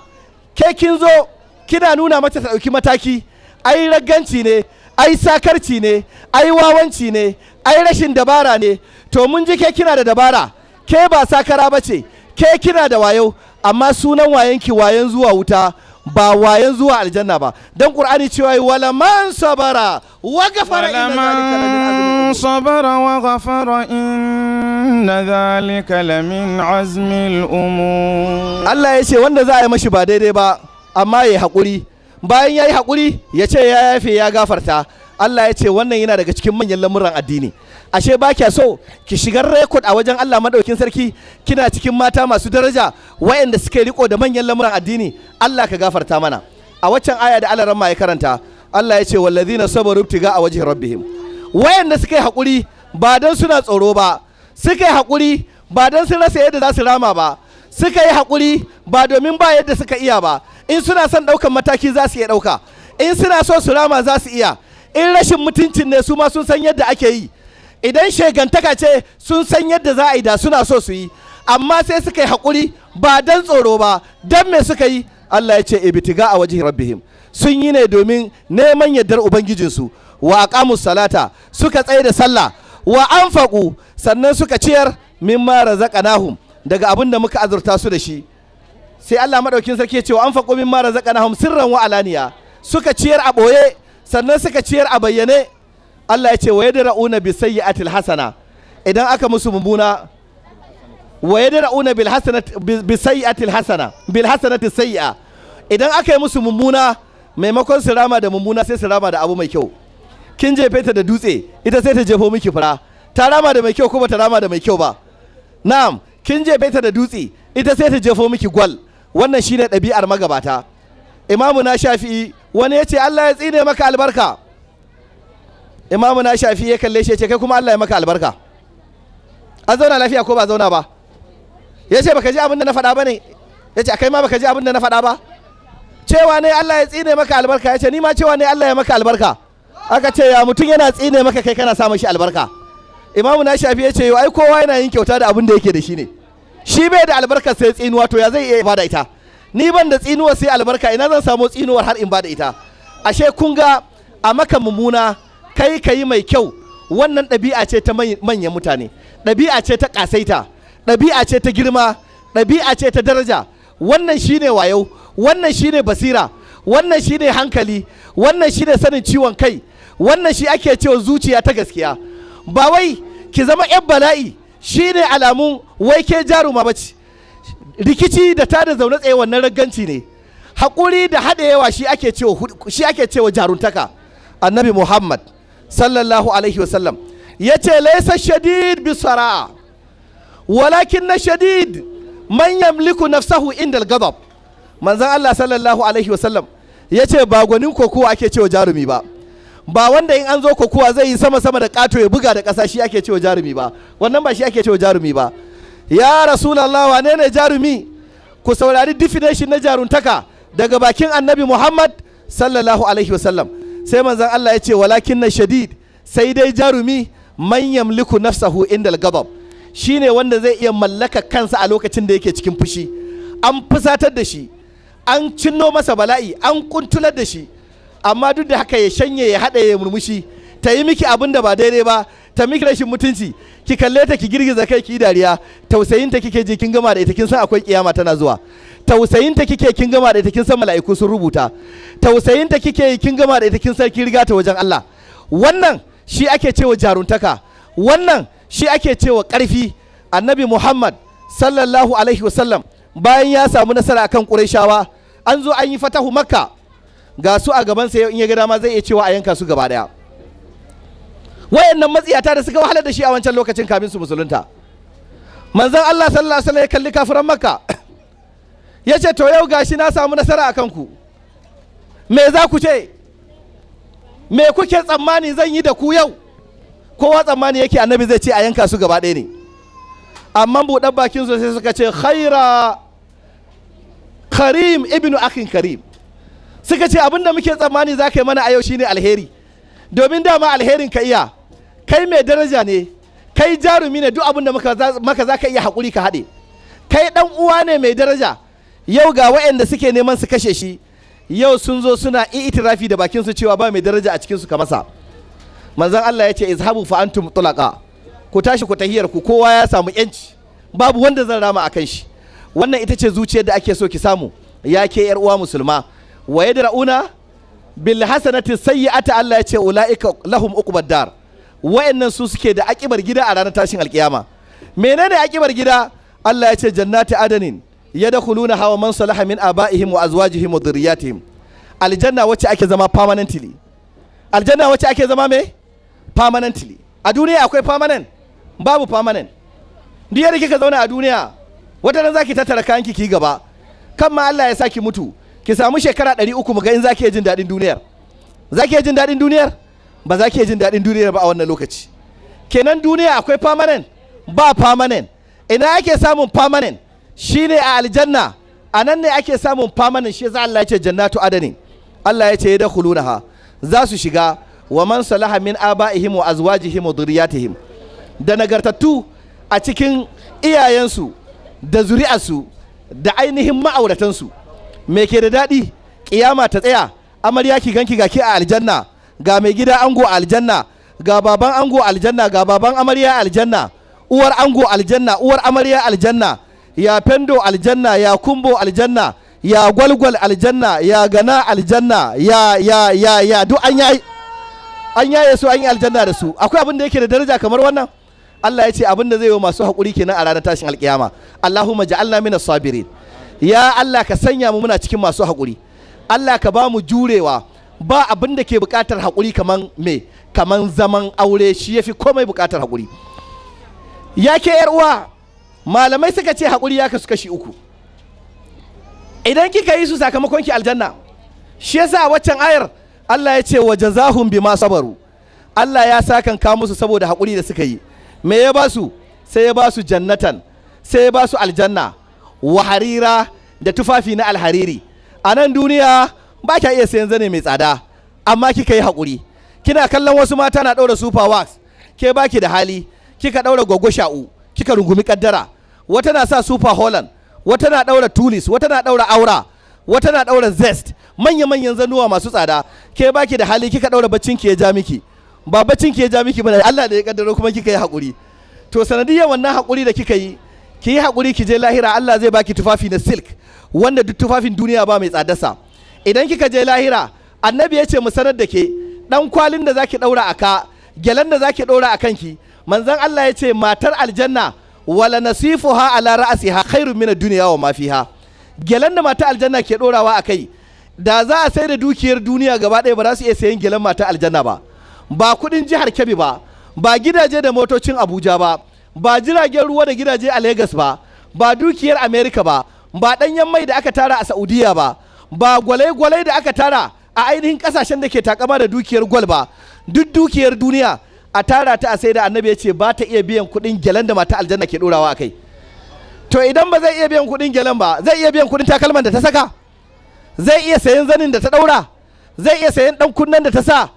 ke kin zo kina nuna mata ta dauki mataki ai ragganci ne ai sakarci ne ai wawanci ne ai rashin dabara ne to mun ji ke kina da dabara ke ba sakara ba ce ke kina da wayo amma sunan wayanki wayan zuwa wuta ba wayan zuwa aljanna ba dan qur'ani cewa wala man sabara wa ghafara inna man sabara wa ghafara inna zalika lamin azmil umur Allah ya ce wanda za a yi mashi ba daidai ba amma ya hakuri bayan ya yi hakuri ya ce ya yafe ya gafarta Allah ya ce wannan yana daga cikin manyan lamuran addini ashe ba kya so ki shigar rekod a wajen Allah madaukin sarki kina cikin mata masu daraja wayanda suke riko da manyan lamuran addini Allah ka gafarta mana a waccan aya da Allah ramma ya karanta Allah ya ce wallazina sabaru tiga a wajhi rabbihim wayanda suke yi hakuri ba dan suna tsoro ba suke haƙuri hakuri ba dan sun rasa yadda za su rama ba suka yi hakuri ba domin ba yadda suka iya ba in suna son ɗaukan mataki za su iya dauka in suna so su rama za su iya in rashin mutuncin ne su ma sun san yadda ake yi idan shegantaka ce sun san yadda za a yi da suna so su yi amma sai suka yi hakuri ba dan tsoro ba dan me suka yi Allah ya ce ibtiga a wajen rabbihim sun yi ne domin neman yardar ubangijinsu wa aqamu salata suka tsaye da sallah wa anfaqu sannan suka ciyar mimma razaqnahum daga abin da muka azurta su da shi sai Allah madaukin sarki ya ce wa anfaqu mimma razaqnahum sirran wa alaniya suka ciyar a boye sannan suka ciyar a bayyane Allah ya ce wa ra'una bi sayi a hasana idan aka musu mummuna wa ra'una bil hasanati bi sayyi'atil hasana bil sayi a idan aka yi musu mummuna maimakon su rama da mummuna sai su rama da abu mai kyau kin jefe ta da dutse ita sai ta jefo miki fura ta rama da mai kyau kuma ta rama da mai kyau ba na'am kin jefe ta da dutse ita sai ta jefo miki gwal wannan shine ɗabi'ar magabata imamu na shafi'i wani ya ce Allah ya tsine maka albarka imamu na shafi ya kalle shi ya ce kai kuma Allah ya maka albarka an zauna lafiya ko ba zauna ba ya ce baka ji abin da na faɗa ba ne ya ce kai ma baka ji abin da na faɗa ba cewa ne Allah ya tsine maka albarka ya ce ni ma cewa ne Allah ya maka albarka aka ce ya mutum yana tsine maka kai kana sa shi albarka imamu na shafi ya ce yau ai kowa yana yin kyauta da abin da yake da shi ne shi bai da albarkar sai tsinuwa to ya zai iya bada ita ni ban da tsinuwa sai albarka ina zan samu tsinuwar har in bada ita ashe kun ga a maka mummuna kai ka yi mai kyau wannan ɗabi'a ce ta manyan mutane ɗabi'a ce ta ƙasaita ɗabi'a ce ta girma ɗabi'a ce ta daraja wannan shine wayo wannan shine basira wannan shine hankali wannan shine sanin ciwon kai wannan shi ake cewa zuciya ta gaskiya ba wai ki zama yan bala'i shine alamun wai ke jaruma bace rikici da ta da zaune tsaye wannan ragganci ne haƙuri da haɗewa yawa shi ake cewa jaruntaka annabi muhammad sallallahu alaihi wasallam ya ce laisa shadid bi sara'a walakin na shadid man yamliku nafsahu inda gadab manzan Allah sallallahu alaihi wasallam ya ce ba gwanin kokowa ake cewa jarumi ba ba wanda in an zo kokowa zai yi sama sama da kato ya buga da ƙasa shi ake cewa jarumi ba wannan ba shi ake cewa jarumi ba ya rasulullah wane ne jarumi ku saurari definition na jaruntaka daga bakin annabi muhammad sallallahu alaihi wasallam sai manzan Allah ya ce walakin na shadid sai dai jarumi man yamliku nafsahu indal gabab shine wanda zai iya mallaka kansa a lokacin da yake cikin fushi an fusatar da shi an cinno masa bala'i an kuntular da shi amma duk da haka ya shanye ya haɗa ya murmushi ta yi miki abin da ba daidai ba ta miki rashin mutunci ki kalle ta ki girgiza kai ki dariya tausayin ta kike je kin gama da ita kin san akwai kiyama tana zuwa tausayinta kike kin gama da ita kin san mala'iku sun rubuta tausayinta kike kin gama da ita kin san kin riga ta wajen Allah wannan shi ake cewa jaruntaka wannan shi ake cewa ƙarfi annabi Muhammad sallallahu alaihi wasallam bayan ya samu nasara akan Qurayshawa an zo an yi fatahu Makka ga su a gaban sa in ya ga dama zai iya cewa a yanka su gaba daya wayannan matsiyata da suka wahalar da shi a wancan lokacin kafin su musulunta manzon Allah sallallahu alaihi wasallam ya kalli kafiran Makka ya ce to yau gashi na samu nasara a kanku me za ku ce me kuke tsammani zan yi da ku yau kowa tsammani yake annabi zai ce a yanka su gaba ɗaya ne amma buɗan bakin su sai suka ce khaira karim ibnu akin karim suka ce abinda muke tsammani za ka yi mana a yau shine alheri domin dama alherin ka iya kai mai daraja ne kai jarumi ne duk abinda maka za ka iya haƙuri ka haɗe kai ɗan uwa ne mai daraja yau ga waɗanda suke neman su kashe shi yau sun zo suna itirafi da bakin su cewa ba mai daraja a cikin su kamar sa manzon Allah yace ce izhabu fa antum tulaqa ku tashi ku tahiyar ku kowa ya samu yanci babu wanda zan rama akan shi wannan ita ce zuciyar da ake so ki samu ya ke yar uwa musulma wa yadrauna bil hasanati sayyi'ata Allah ya ce ulaika lahum uqbad dar wayannan su suke da akibar gida a ranar tashin alkiyama menene akibar gida Allah yace ce jannati adanin yadkhuluna hawa man salaha min abaihim wa azwajihim wa dhurriyyatihim aljanna wacce ake zama permanently aljanna wacce ake zama me permanently a duniya akwai permanent babu permanent duk yadda kika zauna a duniya wata nan zaki tattara kayan ki gaba kan ma Allah ya saki mutu ki samu shekara 300 mu ga in zaki jin dadin duniyar zaki jin dadin duniyar ba za ki jin dadin duniyar ba a wannan lokaci kenan duniya akwai permanent ba permanent ina ake samun permanent Shi ne a aljanna a nan ne ake samun famanin shi za Allah ya ce jannatu adani Allah ya ce ha za su shiga wa man salaha min abaihim wa azwajihim wa dhurriyyatihim da nagartattu a cikin iyayensu da zuri'arsu da ainihin ma'auratansu me ke da daɗi kiyama ta tsaya amarya ki ganki ga ki a aljanna ga mai gida ango a aljanna ga baban ango aljanna ga baban amarya aljanna uwar ango aljanna uwar amarya aljanna ya fendo aljanna ya kumbo aljanna ya gwalgwal aljanna ya gana aljanna ya ya ya ya duk an yayi an yaye su an yi aljanna da su akwai abin da yake da daraja kamar wannan Allah ya ce abin da zai yi masu haƙuri kenan a ranar tashin alƙiyama Allahumma ja'alna minas sabirin ya Allah ka sanya mu muna cikin masu hakuri Allah ka ba mu jurewa ba abin da ke buƙatar hakuri kaman me kaman zaman aure shi yafi komai buƙatar hakuri ya ke yar uwa malamai suka ce haƙuri ya kasu kashi uku idan kika yi su sakamakon ki aljanna shi yasa waccan ayar Allah ya ce wa jazahum bima sabaru Allah ya sakan ka musu saboda haƙuri da suka yi me ya ba su sai ya ba su jannatan sai ya ba su aljanna wa harira da tufafi na alhariri a nan duniya ba kya iya sayan zane mai tsada amma kika yi haƙuri kina kallon wasu mata na ɗaura super wax ke baki da hali kika ɗaura goggo sha'u kika rungumi kaddara wata na sa super holland wata na daura tulis wata na daura aura wata na daura zest manya-manyan zanuwa masu tsada ke baki da hali kika daura baccin ki ya ja miki ba baccin ki ya ja miki ba Allah da ya kaddara kuma kika yi hakuri to sanadiyar wannan hakuri da kika yi ki yi hakuri ki je lahira Allah zai baki tufafi na silk wanda duk tufafin duniya ba mai tsadarsa idan kika je lahira annabi ya ce mu sanar da ke dan kwalin da zaki daura aka gyalan da zaki daura a kanki manzon Allah ya ce matar aljanna wala ha ala ra'siha khairun min mina dunya wa ma fiha gelan da mata aljanna ke dorawa akai da za a sai da dukiyar duniya gaba ɗaya ba za su iya sayan gelan mata aljanna ba ba kuɗin jihar Kebbi ba ba gidaje da motocin Abuja ba ba jiragen ruwa da gidaje a Lagos ba ba dukiyar America ba ba ɗanyen mai da aka tara a Saudiya ba ba gwalai-gwalai da aka tara a ainihin kasashen da ke takama da dukiyar gwal ba duk dukiyar duniya a tara ta a sai da annabi ya ce ba ta iya biyan kuɗin gyalen da mata aljanna ke ɗorawa a kai to idan ba zai iya biyan kuɗin gyalen ba zai iya biyan kuɗin takalman da ta saka zai iya sayan zanin da ta ɗaura zai iya sayan ɗan kunnen da ta sa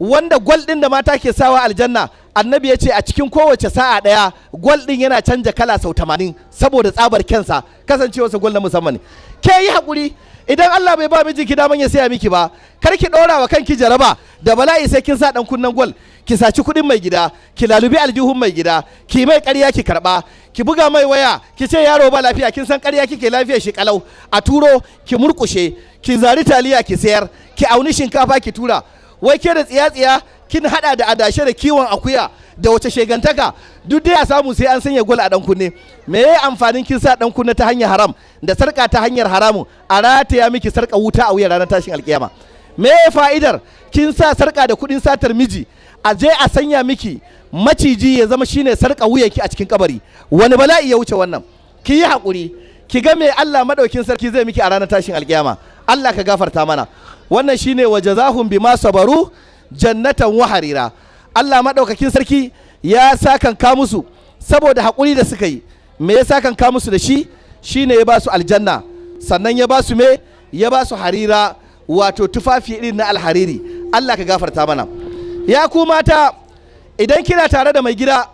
wanda gwal ɗin da mata ke sawa aljanna annabi ya ce a cikin kowace sa'a ɗaya gwal ɗin yana canja kala sau tamanin saboda tsabar kensa kasancewarsa gwal na musamman ke yi hakuri idan Allah bai ba mijinki daman ya saya miki ba kar ki ɗora wa kanki jaraba da bala'i sai kin sa ɗan kunnen gwal ki saci kuɗin mai gida ki lalubi aljihun mai gida ki mai karya ki karɓa ki buga mai waya ki ce yaro ba lafiya kin san karya kike lafiya shi kalau a turo ki murƙushe ki zari taliya ki sayar ki auni shinkafa ki tura wai ke da tsiya tsiya kin haɗa da adashe da kiwon akuya da wace shegantaka duk dai a samu sai an sanya gwal a dan kunne me yayi amfanin kin sa dan kunne ta hanyar haram da sarka ta hanyar haramu a rataya miki sarka wuta a wuyar ranar tashin alkiyama me fa'idar kin sa sarka da kuɗin satar miji a je a sanya miki maciji ya zama shine sarka wuyanki a cikin kabari wani bala'i ya wuce wannan ki yi hakuri ki ga me Allah madaukin sarki zai miki a ranar tashin alkiyama Allah ka gafarta mana wannan shine wa jazahum bima sabaru jannatan wa harira Allah madaukakin sarki ya sakan ka musu saboda hakuri da suka yi me ya sakan ka musu da shi shine ya ba su aljanna sannan ya ba su me ya ba su harira wato tufafi irin na alhariri Allah ka gafarta mana ya ku mata idan kina tare da mai gida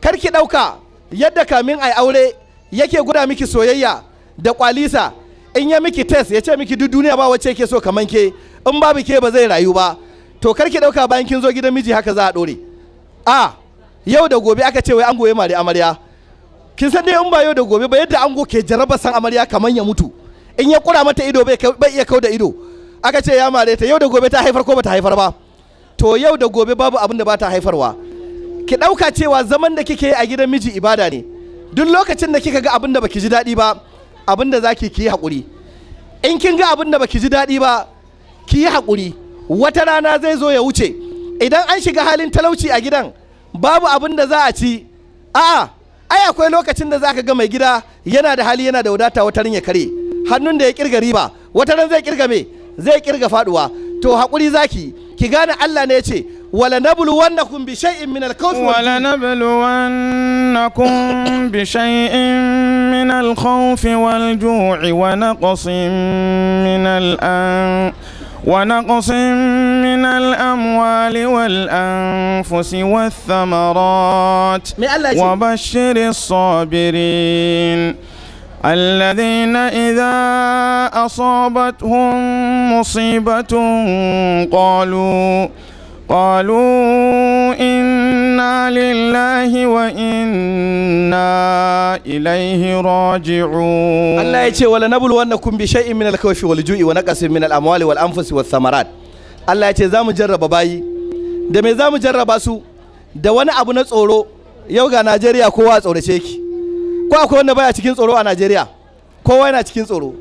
kar ki ɗauka yadda kamin ai aure yake guda miki soyayya da kwalisa in ya miki test ya ce miki duk duniya ba wacce yake so kaman ke in babu ke ba zai rayu ba to kar ki ɗauka bayan kin zo gidan miji haka za a ɗore a yau da gobe aka ce wai an goye mare amarya kin san dai in ba yau da gobe ba yadda ango ke jaraba san amarya kaman ya mutu in ya kura mata ido bai iya kau da ido aka ce ya mare ta yau da gobe ta haifar ko bata haifar ba to yau da gobe babu abin da ba haifarwa ki ɗauka cewa zaman da kike yi a gidan miji ibada ne duk lokacin da kika ga abin da baki ji daɗi ba abin da zaki ki yi haƙuri in kin ga abin da baki ji daɗi ba ki yi haƙuri wata rana zai zo ya wuce idan an shiga halin talauci a gidan babu abin da za a ci a'a ai akwai lokacin da zaka ga mai gida yana da hali yana da wadata rin ya kare hannun da ya kirga riba wata rin zai kirga me zai kirga faduwa to haƙuri zaki كيغانا ألا نيتي ولا نبلونكم بشيء من الخوف ولا نبلونكم بشيء من الخوف والجوع ونقص من الان ونقص من الأموال والأنفس والثمرات وبشر الصابرين الذين إذا أصابتهم مصيبة قالوا قالوا إنا لله وإنا إليه راجعون الله يجي ولا نبل وأنكم بشيء من الخوف والجوع ونقص من الأموال والأنفس والثمرات الله يجي زام جرب باي دم زام جرب أسو دوانا أبو wani abu na tsoro yau ga ko akwai wanda baya cikin tsoro a najeriya kowa yana cikin tsoro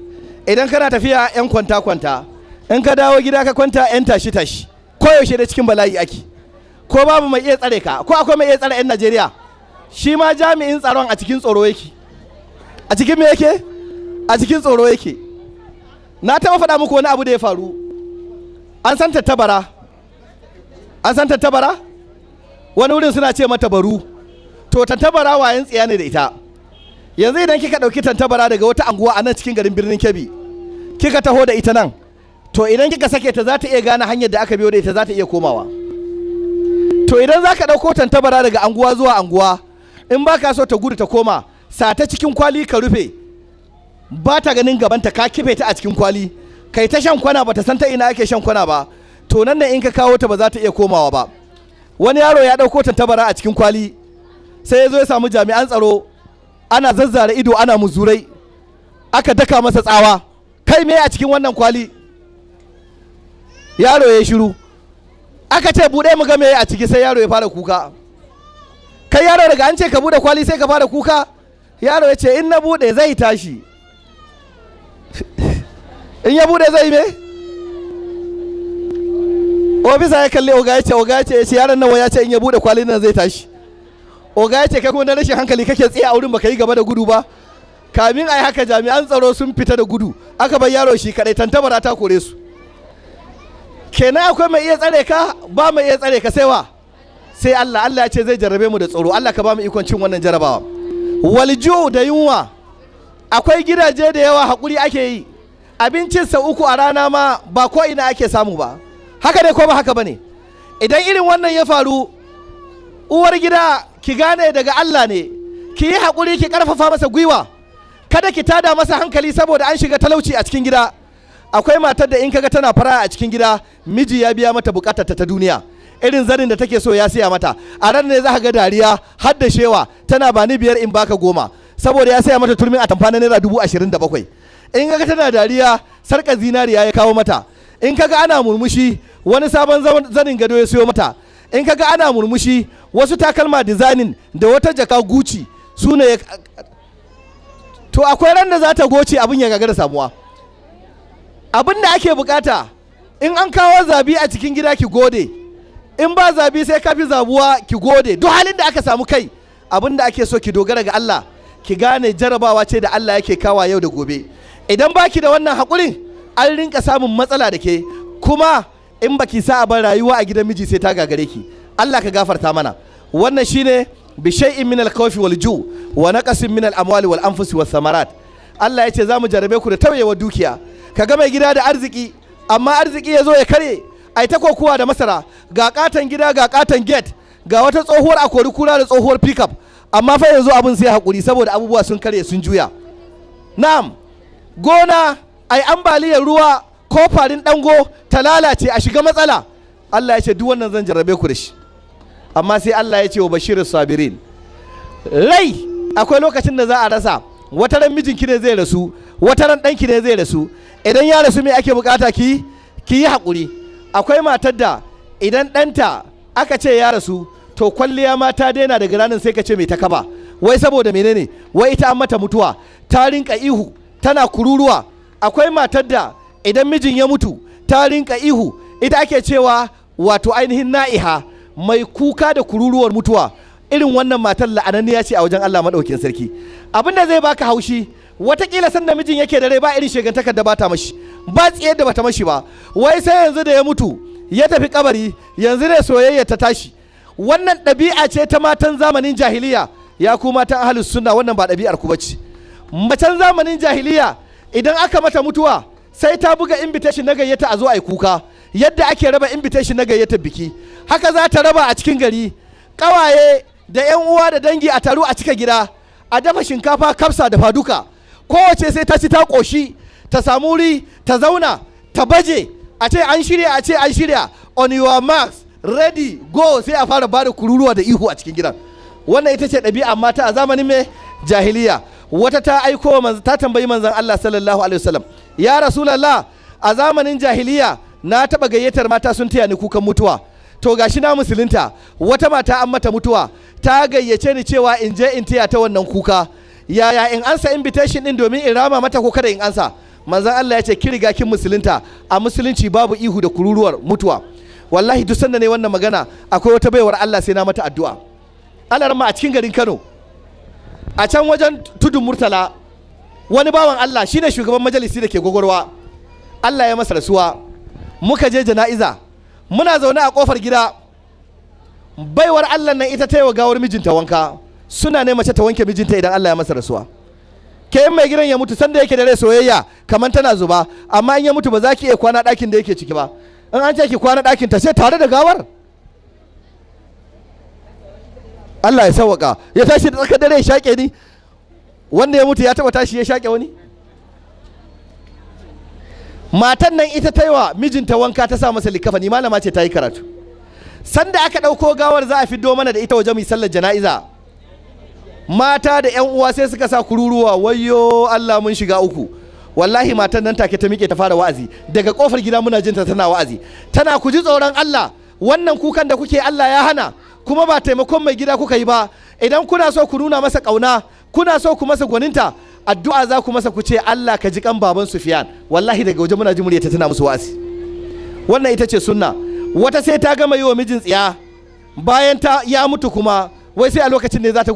idan kana tafiya yan kwanta kwanta in ka dawo gida ka kwanta yan tashi tashi ko yaushe da cikin bala'i ake ko babu mai iya tsare ka ko akwai mai iya tsare yan najeriya shi ma jami'in tsaron a cikin tsoro yake a cikin me yake a cikin tsoro yake na taɓa faɗa muku wani abu da ya faru an san tattabara an san tattabara wani wurin suna ce mata baru to tattabara wayan tsiya ne da ita yanzu idan kika ɗauki tantabara daga wata anguwa a nan cikin garin birnin kebbi kika taho da ita nan to idan kika sake ta za ta iya gane hanyar da aka biyo da ita za ta iya komawa to idan za ka ɗauko tantabara daga anguwa zuwa anguwa in ba ka so ta gudu ta koma sa ta cikin kwali ka rufe ba ta ganin gabanta ka kife ta a cikin kwali kai ta shan kwana ba ta san ta ina ake shan kwana ba to nan in ka kawo ta ba za ta iya komawa ba wani yaro ya ɗauko tantabara a cikin kwali sai ya zo ya samu jami'an tsaro ana zazzara ido ana muzurai aka daka masa tsawa kai me a cikin wannan kwali yaro ya shiru aka ce buɗe mu ga me a ciki sai yaro ya fara kuka kai yaro daga an ce ka bude kwali sai ka fara kuka yaro ya ce in na buɗe zai tashi in ya buɗe zai me ofisa ya kalli oga ya ce oga ya ce yaron nawa ya ce in ya buɗe kwali nan zai tashi oga ya ce kai kuma na rashin hankali kake tsaye a wurin baka yi gaba da gudu ba kamin ai haka jami'an tsaro sun fita da gudu aka bar yaro shi kadai tantabar ta kore su kenan akwai mai iya tsare ka ba mai iya tsare ka sai wa sai Allah Allah ya ce zai jarrabe mu da tsaro Allah ka ba mu ikon cin wannan jarabawa walju da yunwa akwai gidaje da yawa hakuri ake yi abincin sa uku a rana ma ba ko ina ake samu ba haka ne ko ba haka bane idan irin wannan ya faru uwar gida ki gane daga Allah ne ki yi hakuri ki karfafa masa gwiwa kada ki tada masa hankali saboda an shiga talauci a cikin gida akwai matar da in kaga tana fara a cikin gida miji ya biya mata bukatar ta duniya irin zanin da take so ya siya mata a ran ne za ka ga dariya har da shewa tana bani biyar in baka goma saboda ya siya mata turmin a na naira dubu ashirin da bakwai in kaga tana dariya sarka zinariya ya kawo mata in kaga ana murmushi wani sabon zanin gado ya siyo mata in kaga ana murmushi wasu takalma designing da wata jaka guci su ne to akwai ran da za ta goce abin ya gagara samuwa abin da ake bukata in an kawo zabi a cikin gida ki gode in ba zabi sai kafi zabuwa ki gode duk halin da aka samu kai abin da ake so ki dogara ga Allah ki gane jarabawa ce da Allah yake kawa yau da gobe idan baki da wannan hakurin an rinka samun matsala da ke kuma in baki sa a ban rayuwa a gidan miji sai ta gagare ki Allah ka gafarta mana wannan shi ne shay'in min al-khawfi wal ju wa naqasin min al-amwali wal anfusi wal samarat Allah ya ce za mu jarabe ku da tauyewa dukiya ka ga mai gida da arziki amma arziki ya zo ya karye ai ta kokuwa da masara ga katan gida ga katan gate ga wata tsohuwar akori kura da tsohuwar pickup amma fa yanzu abin sai hakuri saboda abubuwa sun karye sun juya na'am gona ai ambaliyar ruwa ko farin dango ta lalace a shiga matsala Allah ya ce duk wannan zan jarabe ku da shi amma sai Allah ya ce wa bashir sabirin Lai akwai lokacin da za a rasa wata ran mijinki ne zai rasu wata ran ɗanki ne zai rasu idan ya rasu me ake bukata ki ki yi haƙuri akwai matar da idan ɗanta aka ce ya rasu to kwalliya ma ta daina daga ranar sai ka ce mai ta kaba wai saboda menene wai ita an mata mutuwa ta rinka ihu tana kururuwa akwai matar da idan mijin ya mutu ta rinka ihu ita ake cewa wato ainihin na'iha mai kuka da kururuwar mutuwa irin wannan matar la'ananniya ce a wajen Allah maɗaukin sarki abin da zai baka haushi watakila san namijin yake da rai ba irin shegantakar da bata mashi ba tsiyar da bata mashi ba wai sai yanzu da ya mutu ya tafi kabari yanzu ne soyayya ta tashi wannan ɗabi'a ce ta matan zamanin jahiliya ya ku matan ahlus sunna wannan ba ɗabi'ar ku bace macen zamanin jahiliya idan aka mata mutuwa sai ta buga invitation na gayyata a zo a yi kuka yadda ake raba invitation na gayyatar biki haka za ta raba a cikin gari kawaye da 'yan uwa da dangi a taru a cika gida a dafa shinkafa kafsa da faduka kowace sai ta ci ta koshi ta samu wuri ta zauna ta baje a ce an shirya a ce an shirya on your mark ready go sai a fara bada kururuwa da ihu a cikin gidan wannan ita ce ɗabi'a mata a zamanin me jahiliya wata ta aiko ta tambayi manzon Allah sallallahu alaihi wasallam ya rasulullah a zamanin jahiliya na taba gayyatar mata sun taya ni kukan mutuwa to gashi na musulunta wata mata an mata mutuwa ta gayyace ni cewa in je in taya ta wannan kuka yaya in ansa invitation din domin in rama mata ko kada in ansa manzon Allah ya ce ki riga kin musulunta a musulunci babu ihu da kururuwar mutuwa wallahi duk sanda ne wannan magana akwai wata baiwar Allah sai na mata addu'a Allah ma a cikin garin Kano a can wajen tudun Murtala wani bawan Allah shine shugaban majalisi da ke gogorwa Allah ya masa rasuwa muka je jana'iza muna zaune a kofar gida baiwar Allah nan ita ta yi wa gawar mijinta wanka suna ne mace ta wanke mijinta idan Allah ya masa rasuwa ke in mai gidan ya mutu sanda yake da rai soyayya kamar tana zuba amma in ya mutu ba za ki iya kwana ɗakin da yake ciki ba in an ce ki kwana ɗakin ta sai tare da gawar Allah ya sawwaka ya tashi da tsakar dare ya shaƙe ni wanda ya mutu ya taɓa tashi ya shaƙe wani matan nan ita ta yi wa mijinta wanka ta sa masa ni malama ce ta yi karatu sanda aka ɗauko gawar za a fiddo mana da ita waje mai sallar jana'iza mata da 'yan uwa sai suka sa kururuwa wayo Allah mun shiga uku wallahi matan nan take ta miƙe ta fara wa'azi daga kofar gida muna jinta tana wa'azi tana ku ji tsoron Allah wannan kukan da kuke Allah ya hana kuma ba taimakon mai gida kuka yi ba idan kuna so ku nuna masa ƙauna kuna so ku masa gwaninta addu'a za ku masa ku ce Allah ka ji kan baban Sufyan wallahi daga waje muna ji muryarta tana musu wasi wannan ita ce sunna wata sai ta gama yiwa mijin tsiya bayan ta ya mutu kuma wai sai a lokacin ne za ta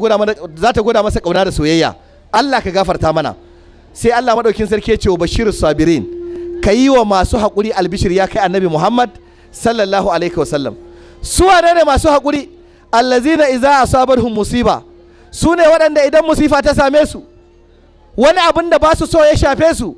gwada masa kauna da soyayya Allah ka gafarta mana sai Allah madaukin sarki ya ce wa bashir sabirin ka yi wa masu haƙuri albishir ya kai annabi Muhammad sallallahu alaihi wa sallam. su wa ne masu haƙuri allazina idza asabarhum musiba su ne waɗanda idan musifa ta same su wani abin da ba su so ya shafe su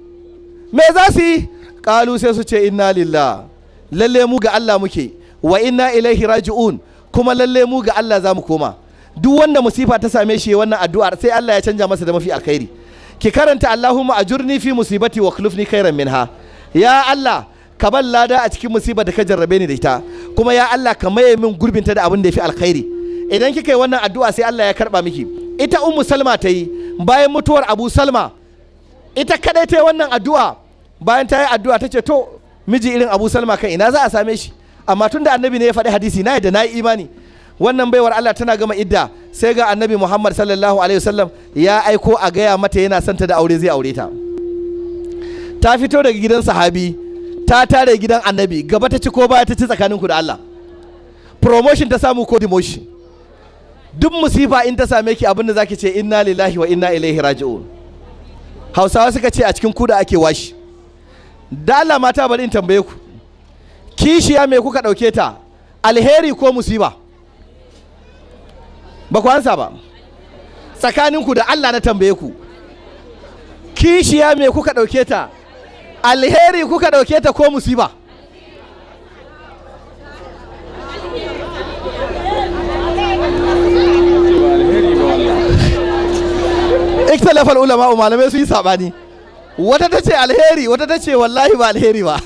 me za su yi ƙalu sai su ce inna lillah lalle mu ga Allah muke wa inna ilaihi raji'un kuma lalle mu ga Allah za mu koma duk wanda musifa ta same shi wannan addu'a sai Allah ya canja masa da mafi alkhairi ki karanta Allahumma ajurni fi musibati wa khlifni khairan minha ya Allah ka ban lada a cikin musibar da ka jarrabe ni da ita kuma ya Allah ka maye min gurbinta da abin da ya fi alkhairi idan kika yi wannan addu'a sai Allah ya karba miki ita ummu salma ta yi bayan mutuwar abu salma ita kadai ta yi wannan addu'a bayan ta yi addu'a ta ce to miji irin abu salma kan ina za a same shi amma da annabi ne ya faɗi hadisi na yadda na yi imani wannan baiwar Allah tana gama idda sai ga annabi Muhammad sallallahu alaihi wasallam ya aiko a gaya mata yana ta da aure zai aure ta ta fito daga gidan sahabi ta tare gidan annabi gaba ta ci ko baya ta ci tsakaninku da Allah promotion ta samu ko demotion duk musifa in ta same ki abinda zaki ce inna lillahi wa inna ilaihi raji'un hausawa suka ce a cikin kuda ake washi da Allah mata bari in tambaye ku kishiya me kuka ɗauke ta alheri ko musiba ba ku ansa ba tsakaninku da Allah na tambaye ku kishiya me kuka ɗauke ta alheri kuka ɗauke ta ko musiba ikhtalafa ulama malamai sun yi sabani wata ta ce alheri wata ta ce wallahi ba alheri ba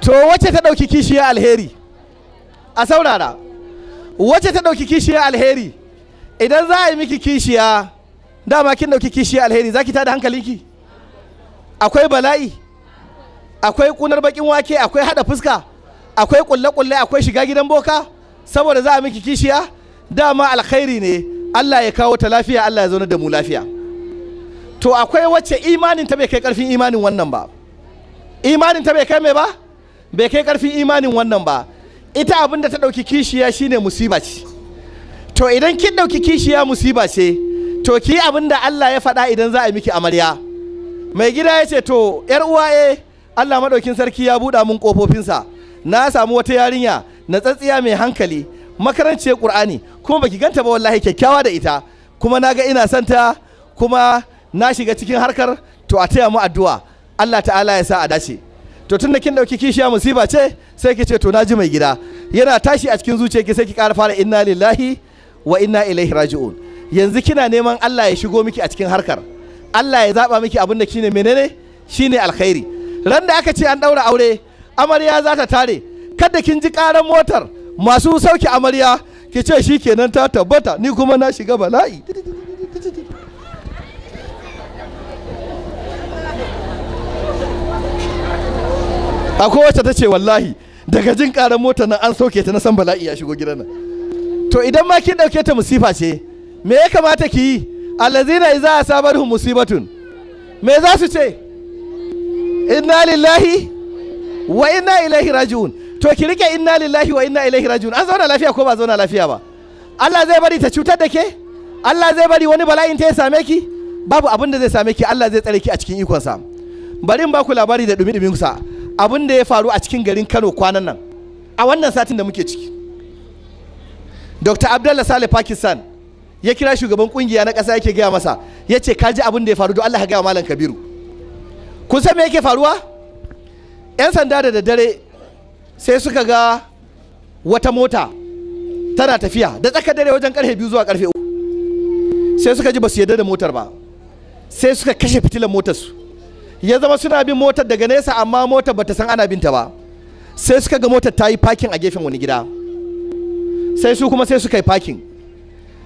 to wacce ta ɗauki ya alheri a saurara wacce ta ɗauki ya alheri idan za a yi miki kishiya dama kin ɗauki ya alheri za ki tada hankalinki akwai bala'i akwai kunar bakin wake akwai hada fuska akwai kulle-kulle akwai shiga gidan boka saboda za a miki kishiya dama alkhairi ne Allah ya kawo ta lafiya Allah ya zauna da mu lafiya to akwai wacce imanin ta bai kai karfin imanin wannan ba imanin ta bai kai mai ba bai kai karfin imanin wannan ba ita abin da ta ɗauki kishiya shine musiba ce to idan kin ɗauki kishiya musiba ce to ki abin da Allah ya faɗa idan za a miki amarya mai gida ya ce to yar uwa e Allah maɗaukin sarki ya buɗa mun sa na samu wata yarinya na tsatsiya mai hankali makarancin ƙur'ani kuma baki ganta ba wallahi kyakkyawa da ita kuma na ga ina santa kuma na shiga cikin harkar to a taya mu addu'a Allah ta'ala ya sa a dace to tun da kin dauki kishiya musiba ce sai ki ce to na ji mai gida yana tashi a cikin zuciyarki sai ki ƙara fara inna lillahi wa inna ilaihi raji'un yanzu kina neman Allah ya shigo miki a cikin harkar Allah ya zaba miki abin da kine menene shine alkhairi ran da aka ce an daura aure amarya za ta tare kada kin ji karan motar masu sauke amarya ki ce shi kenan ta tabbata ni kuma na shiga bala'i akwai wacce ta ce wallahi daga jin karar mota nan an sauke ta na san bala'i ya shigo gidan nan to idan ma kin dauke ta musifa ce me ya kamata ki yi allazina idza asabarhum musibatun me za su ce inna lillahi wa inna ilaihi raji'un to ki rike inna lillahi wa inna ilaihi rajiun an zauna lafiya ko ba zauna lafiya ba Allah zai bari ta cutar da ke Allah zai bari wani bala'in ta ya same ki babu abin da zai same ki Allah zai tsare ki a cikin sa bari in baku labari da dumi dumin sa abin da ya faru a cikin garin Kano kwanan nan a wannan satin da muke ciki Dr. Abdullah Saleh Pakistan ya kira shugaban kungiya na ƙasa yake gaya masa ya ce ji abin da ya faru don Allah ka gaya malam Kabiru kun san me yake faruwa 'yan sanda da daddare sai suka ga wata mota tana tafiya da tsakar dare wajen karfe biyu zuwa karfe uku sai suka ji ba su yarda da motar ba sai suka kashe fitilan motarsu ya zama suna bin motar daga nesa amma motar ba ta san ana binta ba sai suka ga motar ta yi parking a gefen wani gida sai su kuma sai suka yi parking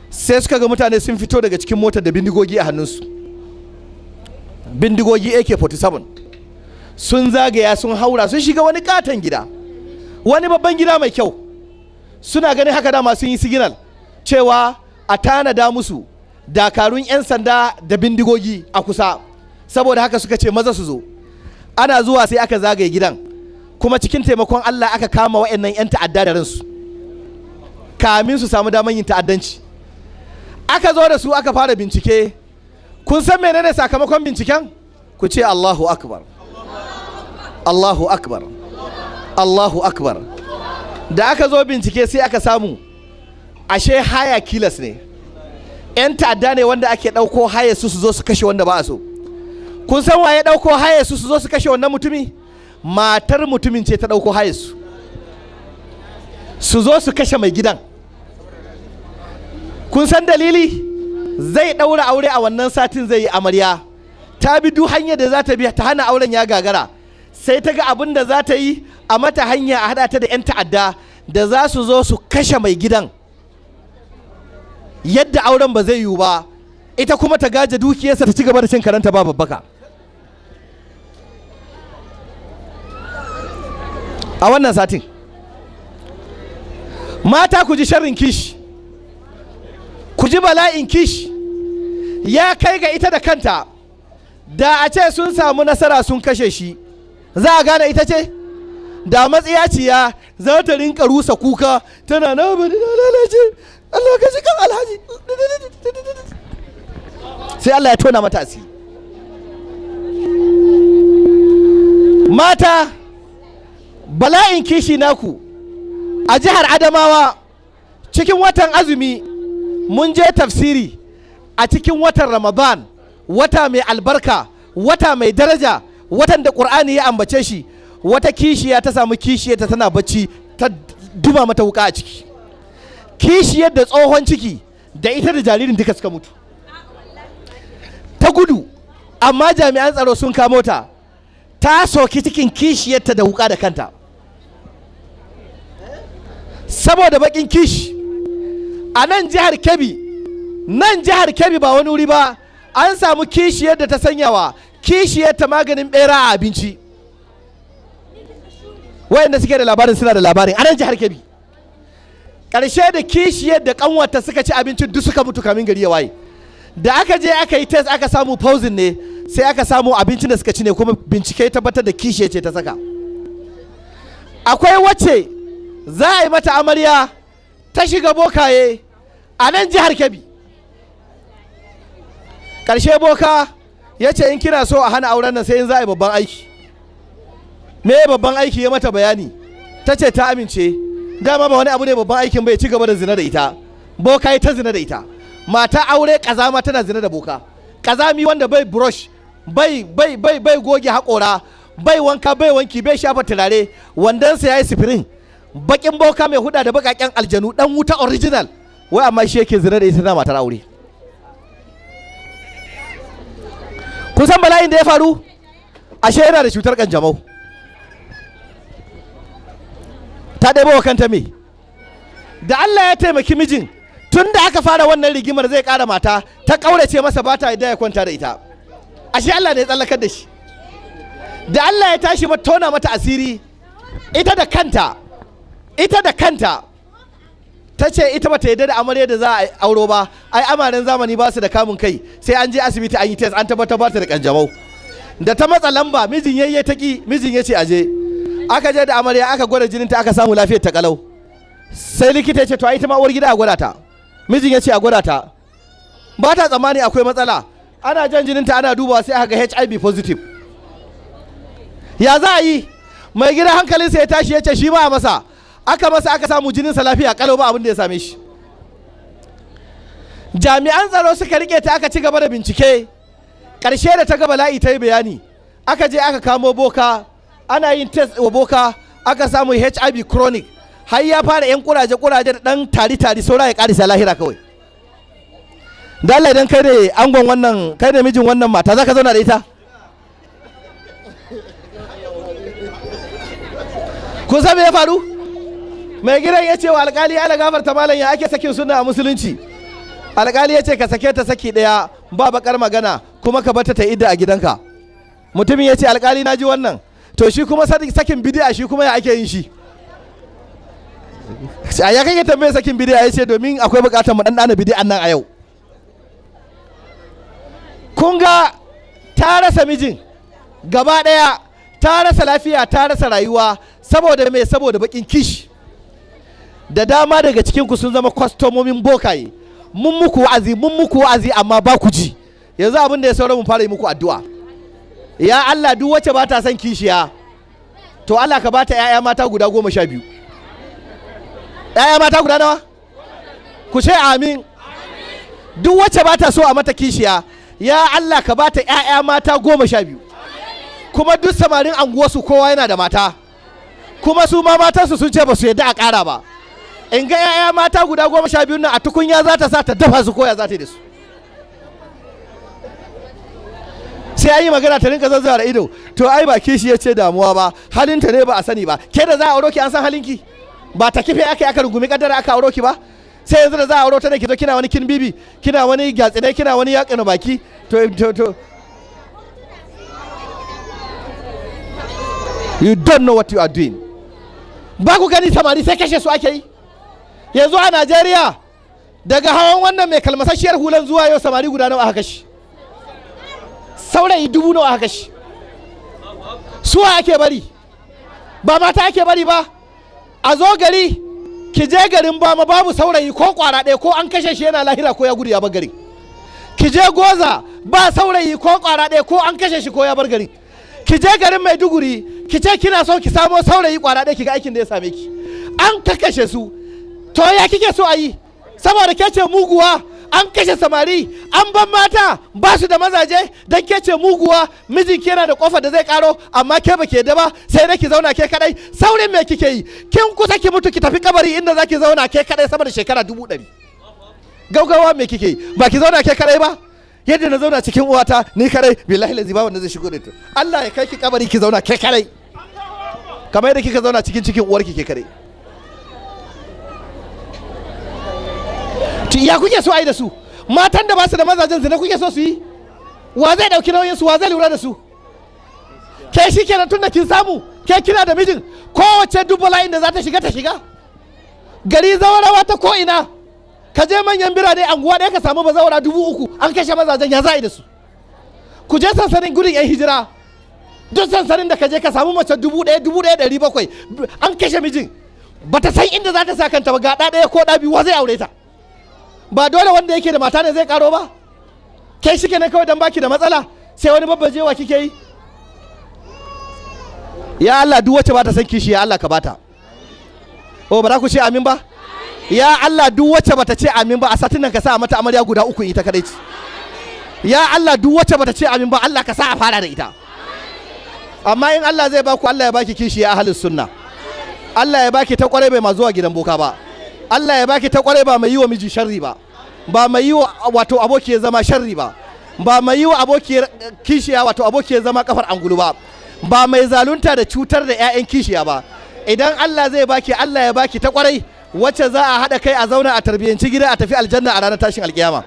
sai suka ga mutane sun fito daga cikin motar da bindigogi a hannunsu bindigogi ak-47 sun zagaya sun haura sun shiga wani katon gida wani babban gida mai kyau suna ganin haka da masu yi siginal cewa a tanada musu dakarun 'yan sanda da bindigogi a kusa saboda haka suka ce maza su zo ana zuwa sai aka zagaye gidan kuma cikin taimakon Allah aka kama wa'annan 'yan ta'adda da ransu kamin su samu daman yin ta'addanci aka zo da su aka fara bincike kun san menene sakamakon binciken ku ce Allahu akbar Allahu akbar Allahu akbar da aka zo bincike sai aka samu ashe haya kilas ne yan ta'adda ne wanda ake ɗauko haya su su zo su kashe wanda ba a so kun san waye ɗauko haya su su zo su kashe wannan mutumi matar mutumin ce ta ɗauko haya su su zo su kashe mai gidan kun san dalili zai ɗaura aure a wannan satin zai yi amarya ta bi duk hanyar da za ta bi ta hana auren ya gagara sai ta ga abin da za ta yi a mata hanya a haɗa ta da 'yan ta'adda da za su zo su kashe mai gidan yadda auren ba zai yiwu ba ita kuma ta gaje dukiyarsa ta ci gaba da cin karanta ba babbaka a wannan satin mata ku ji sharrin kish ku ji bala'in kishi ya kai ga ita da kanta da a ce sun samu nasara sun kashe shi za a gane ita ce? da ciya za ta rinka rusa kuka tana na bari na lalace Allah ka kan alhaji sai Allah ya tona mata mata bala'in kishi naku a jihar Adamawa cikin watan azumi mun je tafsiri a cikin watan Ramadan wata mai albarka wata mai daraja watan da Qur'ani ya ambace shi wata kishiya ta samu kishiyarta tana bacci ta duba mata wuka a ciki kishiyar da tsohon ciki da ita da jaririn duka suka mutu ta gudu amma jami'an tsaro sun kamo ta ta soki cikin kishiyarta da wuka da kanta saboda bakin kishi a nan jihar kebbi nan jihar kebbi ba wani wuri ba an samu kishiyar da ta sanyawa kishiyar ta maganin bera a abinci wayanda suke da labarin suna da labarin anan jihar Kebbi ƙarshe da kishiyar da kanwata suka ci abincin duk suka mutu kamin gari ya waye da aka je aka yi test aka samu pausing ne sai aka samu abincin da suka ci ne kuma bincike tabbatar da kishiyar ce ta saka akwai wacce za a yi mata amarya ta shiga bokaye a nan jihar kebbi ƙarshe boka ya ce in kina so a hana auren nan sai in za a yi babban aiki me babban aiki ya mata bayani ta ce ta amince dama ba wani abu ne babban aikin bai ci gaba da zina da ita boka ta zina da ita mata aure kazama tana zina da boka kazami wanda bai brush bai bai bai bai goge hakora bai wanka bai wanki bai shafa turare wandansa ya yi sifirin bakin boka mai huda da bakaken aljanu dan wuta original wai amma shi yake zina da ita na matar aure kusan bala'in da ya faru ashe yana da cutar kanjamau ta ɗebo wa kanta me da Allah ya taimaki mijin tun da aka fara wannan rigimar zai kara mata ta kaurace masa ba ta ya kwanta da ita ashe Allah ne ya tsallakar da shi da Allah ya tashi ba tona mata asiri ita da kanta ita da kanta ta ce ita ba ta yarda da amarya da za a auro ba ai amaren zamani ba su da kamun kai sai an je asibiti an yi test an tabbatar ba ta da kanjamau da ta matsa lamba mijin yayye ta ki mijin ya ce aje aka je da amarya aka gwada jinin ta aka samu lafiyar ta kalau sai likita ya ce to ai ita ma uwar gida a gwada ta mijin ya a gwada ta ba ta tsammani akwai matsala ana jan jinin ta ana dubawa sai aka ga HIV positive ya za a yi mai gida hankalinsa ya tashi ya ce shi ba masa aka masa aka samu jinin sa lafiya kalau ba abin da ya same shi jami'an tsaro suka rike ta aka ci gaba da bincike karshe da ta ga bala'i ta yi bayani aka je aka kamo boka ana yin test wa boka aka samu hiv chronic har ya fara yan kuraje kuraje da dan tari tari saura ya karisa lahira kawai da Allah idan kai ne angon wannan kai ne mijin wannan mata zaka zauna da ita kun san me ya faru mai gidan ya ce wa alkali ana gafarta malam ya ake sakin suna a musulunci alkali ya ce ka sake ta saki daya ba bakar magana kuma ka bata ta idda a gidanka mutumin ya ce alkali na ji wannan to shi kuma sakin bidiya shi kuma ya ake yin shi a ya tambaye sakin bidiya ya ce domin akwai bukatar mu ɗanɗana bidiyan nan a yau kun ga ta rasa mijin gaba daya ta rasa lafiya ta rasa rayuwa saboda mai saboda bakin kishi da dama daga cikinku sun zama kwastomomin bokaye mun muku wa'azi mun muku wa'azi amma ba ku ji yanzu abin da ya mu fara yi muku addu'a ya Allah duk wacce ba ta son kishiya to Allah ka ba ta 'ya'ya mata guda goma sha biyu 'ya'ya mata guda nawa ku ce amin duk wacce ba ta so a mata kishiya ya Allah ka ba ta 'ya'ya mata goma sha biyu kuma duk samarin anguwarsu kowa yana da mata kuma su ma matansu sun ce ba su yadda a ƙara ba in ga 'ya'ya mata guda goma sha biyu nan a tukunya za ta sa ta dafa su koya za ta yi da su sai yi magana ta rinka zazzawa da ido to ai ba kishi ce damuwa ba halinta ne ba a sani ba ke da za a auro ki an san halinki ba ta kife aka aka rugumi kaddara aka auro ki ba sai yanzu da za a auro ta ne ki zo kina wani kin bibi kina wani gatsine kina wani na baki to to to you don't know what you are doing ba ku gani samari sai kashe su ake yi yanzu a Najeriya daga hawan wannan mai kalmasashiyar hulan zuwa yau samari guda nawa aka kashe saurayi dubu nawa aka shi suwa ake bari ba mata ake bari ba a zo gari ki je garin ba ma babu saurayi ko kwara ɗaya ko an kashe shi yana lahira ko ya gudu ya bar gari. ki je goza ba saurayi ko kwara ɗaya ko an kashe shi ko ya bar gari. ki je garin maiduguri ki ce kina so ki samo saurayi kwara ɗaya ki ga aikin da ya same ki an kakashe su to ya kike so a yi saboda ke ce muguwa an kashe samari an ban mata ba su da mazaje don ke ce muguwa mijin ke yana da kofa da zai karo amma ke ba ke da ba sai dai ki zauna ke kadai saurin me kike yi kin kusa ki mutu ki tafi kabari inda zaki zauna ke kadai sama da shekara dubu ɗari gaugawa me kike yi ba ki zauna ke kadai ba yadda na zauna cikin uwata ni kadai billahi lazi ba wanda zai shigo da ita Allah ya kai ki kabari ki zauna ke kadai kamar yadda kika zauna cikin cikin uwarki ke kadai to ya kuke so ai da su matan da ba su da mazajen zina kuke so su yi wa zai dauki nauyin su wa zai lura da su ke shi kenan tunda kin samu ke kina da mijin kowace dubbala inda za ta shiga ta shiga gari zawarawa ta ko ina ka je manyan birane anguwa ɗaya ka samu bazawara dubu uku an kashe mazajen ya za'i da su ku je sansanin gudun yan hijira duk sansanin da ka je ka samu mace dubu ɗaya dubu ɗaya ɗari bakwai an kashe mijin bata san inda za ta sa kanta ba ga ɗaya ko ɗa biyu wa zai aure ta ba dole wanda yake da mata ne zai karo ba kai shi kenan kawai dan baki da matsala sai wani babbajewa kike yi ya Allah duk wacce ba ta san kishi ya Allah ka bata o oh, ba za ku ce amin ba ya Allah duk wacce bata ce amin ba a satin nan ka sa mata amarya guda uku ita kadai ce ya Allah duk wacce bata ce amin ba Allah ka sa a fara da ita amma in Allah zai baku Allah ya baki kishi ya ahlus sunna Allah ya baki ta kware bai ma zuwa gidan boka ba Allah ya baki ta kwarai ba mai yi wa miji sharri ba ba mai yi wa wato ya zama sharri ba ba mai yi wa aboki eh, kishiya wato ya zama kafar angulu ba ba mai zalunta da cutar da 'ya'yan kishiya ba idan Allah zai baki Allah ya baki ta kwarai wacce za a haɗa kai a zauna a tarbiyyanci gida a tafi aljanna a ranar tashin alkiyama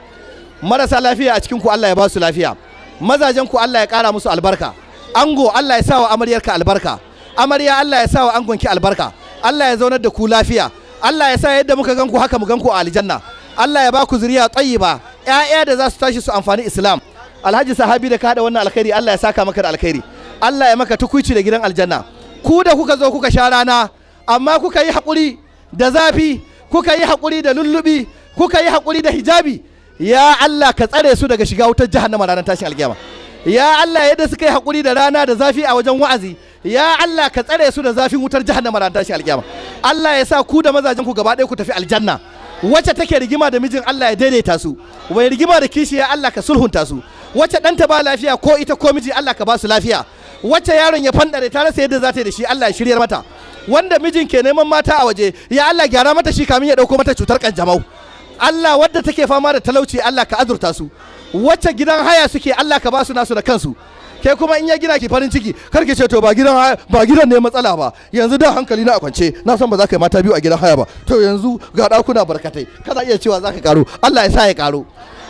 marasa lafiya a cikin ku Allah ya ba su lafiya mazajen ku Allah ya kara musu albarka ango Allah ya sa wa amaryarka albarka amarya Allah ya sa wa angonki albarka Allah ya zaunar da ku lafiya Allah ya sa yadda muka gan ku haka mu gan ku a aljanna Allah ya ba ku zuriya tayyiba ƴaƴa da za su tashi su amfani Islam Alhaji sahabi da ka wannan alkhairi Allah ya saka maka da alkhairi Allah ya maka tukuici da gidan aljanna ku da kuka zo kuka sha rana amma kuka yi haƙuri da zafi kuka yi haƙuri da lullubi kuka yi hakuri da hijabi ya Allah ka tsare su daga shiga wutar jahannama ranar tashin alkiyama ya Allah yadda suka yi hakuri da rana da zafi a wajen wa'azi ya Allah ka tsare su da zafin wutar jahannama da tashi alƙiyama Allah ya sa ku da mazajen ku gaba ɗaya ku tafi aljanna wacce take rigima da mijin Allah ya daidaita su wai rigima da kishi ya Allah ka sulhunta su wacce ɗanta ba lafiya ko ita ko miji Allah ka ba su lafiya wacce yaron ya fandare ta rasa yadda za ta yi da shi Allah ya shiryar mata wanda mijin ke neman mata a waje ya Allah gyara mata shi kamin ya ɗauko mata cutar kanjamau Allah wadda take fama da talauci Allah ka azurta su wacce gidan haya suke Allah ka ba su nasu da kansu ke kuma in ya gina ki farin ciki kar ki ce to ba gidan ba gidan ne matsala ba yanzu da hankali na a kwance na san ba za ka yi mata biyu a gidan haya ba to yanzu ga dakuna barkatai kana iya cewa za ka karo Allah ya sa ya karo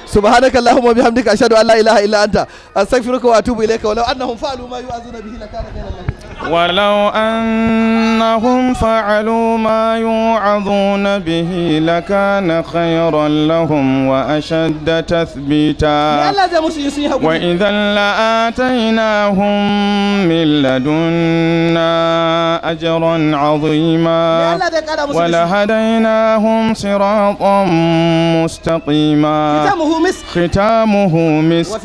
سبحانك اللهم وبحمدك اشهد ان لا اله الا انت استغفرك واتوب اليك ولو انهم فعلوا ما يؤذون به لكان خيرا لهم ولو أنهم فعلوا ما يوعظون به لكان خيرا لهم وأشد تثبيتا وإذا لآتيناهم من لدنا أجرا عظيما ولهديناهم صراطا مستقيما ختامه مسك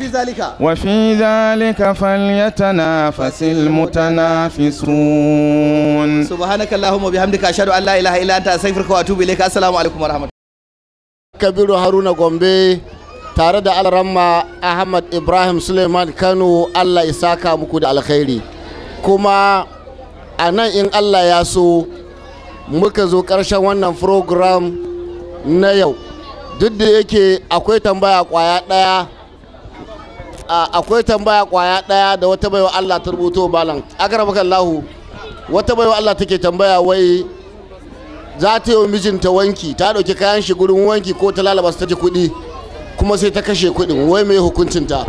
وفي ذلك فليتنافس المتنافس ينافسون سبحانك اللهم وبحمدك أشهد أن لا إله إلا أنت أستغفرك وأتوب إليك السلام عليكم ورحمة الله كبير هارون غومبي tare da alramma ahmad ibrahim سليمان كانوا الله ya saka muku da كما kuma a الله ياسو allah muka zo ƙarshen wannan program na yau duk da yake akwai tambaya kwaya ɗaya akwai tambaya kwaya daya da wata baiwa Allah ta rubuto balan akramaka kallahu wata baiwa Allah take tambaya wai za ta yi mijinta wanki ta dauki kayan shi gurin wanki ko ta lalaba su ta ji kuɗi kuma sai ta kashe kuɗin wai mai hukuncin ta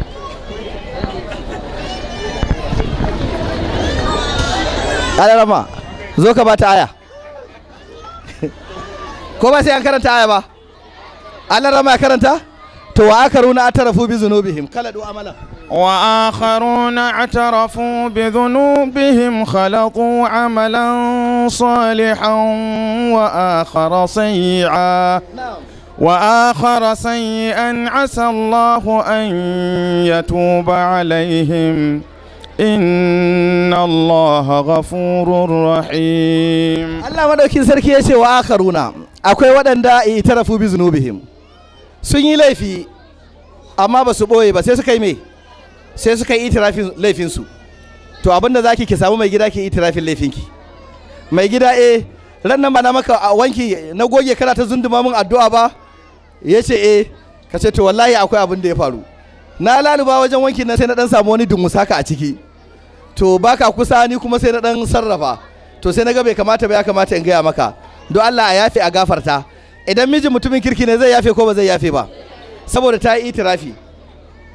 alarama zo ka ba ta aya ko ba sai an karanta aya ba alarama ya karanta to wa akharuna atarafu bi kala du amalan wa akharuna atarafu bi dhunubihim khalaqu amalan salihan wa akhara sayyi'a وآخر سيئا عسى الله أن يتوب عليهم إن الله غفور رحيم الله مدوكين سركي يشي وآخرون أكوي ودن دائي bi بذنوبهم sun yi laifi amma ba su ɓoye ba sai suka yi me sai suka yi itirafin laifinsu to abinda za ki samu mai gida ki itirafin laifinki mai gida e ran nan ba na maka a wanki na goge kana ta zunduma min addu'a ba ya ce e ka ce to wallahi akwai abin da ya faru na laluba wajen wanki na sai na dan samu wani dumusaka a ciki to baka kusa ni kuma sai na dan sarrafa to sai na ga bai kamata ba ya kamata in gaya maka don Allah a yafi a gafarta idan mijin mutumin kirki ne zai yafe ko ba zai yafe ba saboda ta yi itirafi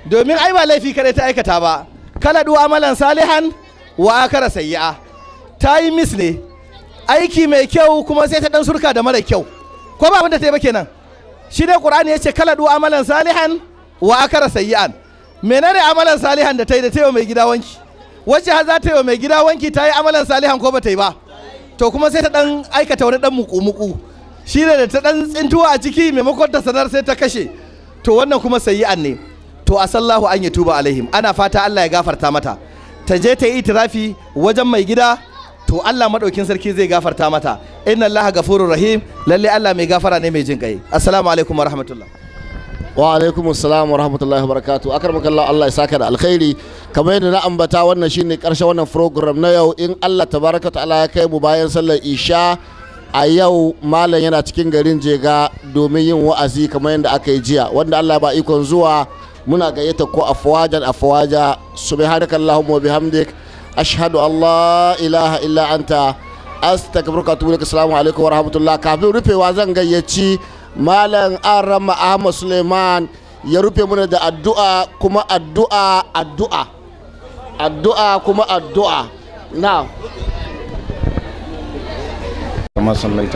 domin ai ba laifi kare ta aikata ba kala duwa amalan salihan wa akara sayyi'a ta yi mis ne aiki mai kyau kuma sai ta dan surka da mara kyau ko ba abinda ta yi ba kenan shi ne qur'ani yace kala duwa amalan salihan wa akara sayyi'an menene amalan salihan da ta yi da ta yi mai gida wanki wacce har za ta yi mai gida wanki ta yi amalan salihan ko ba ta yi ba to kuma sai ta dan aikata wani dan muku muku shi ne da ta ɗan tsintuwa a ciki maimakon ta sanar sai ta kashe to wannan kuma sayi'an ne to a sallahu an ya tuba alaihim ana fata Allah ya gafarta mata ta je ta yi itirafi wajen mai gida to Allah madaukin sarki zai gafarta mata inna Allah gafurur rahim lalle Allah mai gafara ne mai jin kai assalamu alaikum wa rahmatullah wa alaikum assalam wa rahmatullahi wa barakatuh akar makalla Allah ya saka da alkhairi kamar yadda na ambata wannan shine karshe wannan program na yau in Allah tabaraka ya kai mu bayan sallar isha a yau malam yana cikin garin jega domin yin wa'azi kamar yadda aka yi jiya wanda allah ba ikon zuwa muna gayyata ko su afawaja harkar wa bihamdik hamdik ashadu Allah ilaha illa anta astaghfiruka wa atubu ilaik alaikum wa rahmatullah kafin rufewa zan gayyaci malam arama ahmad suleiman ya rufe mana da addu'a kuma addu'a addu'a addu'a kuma addu'a na. كما صليت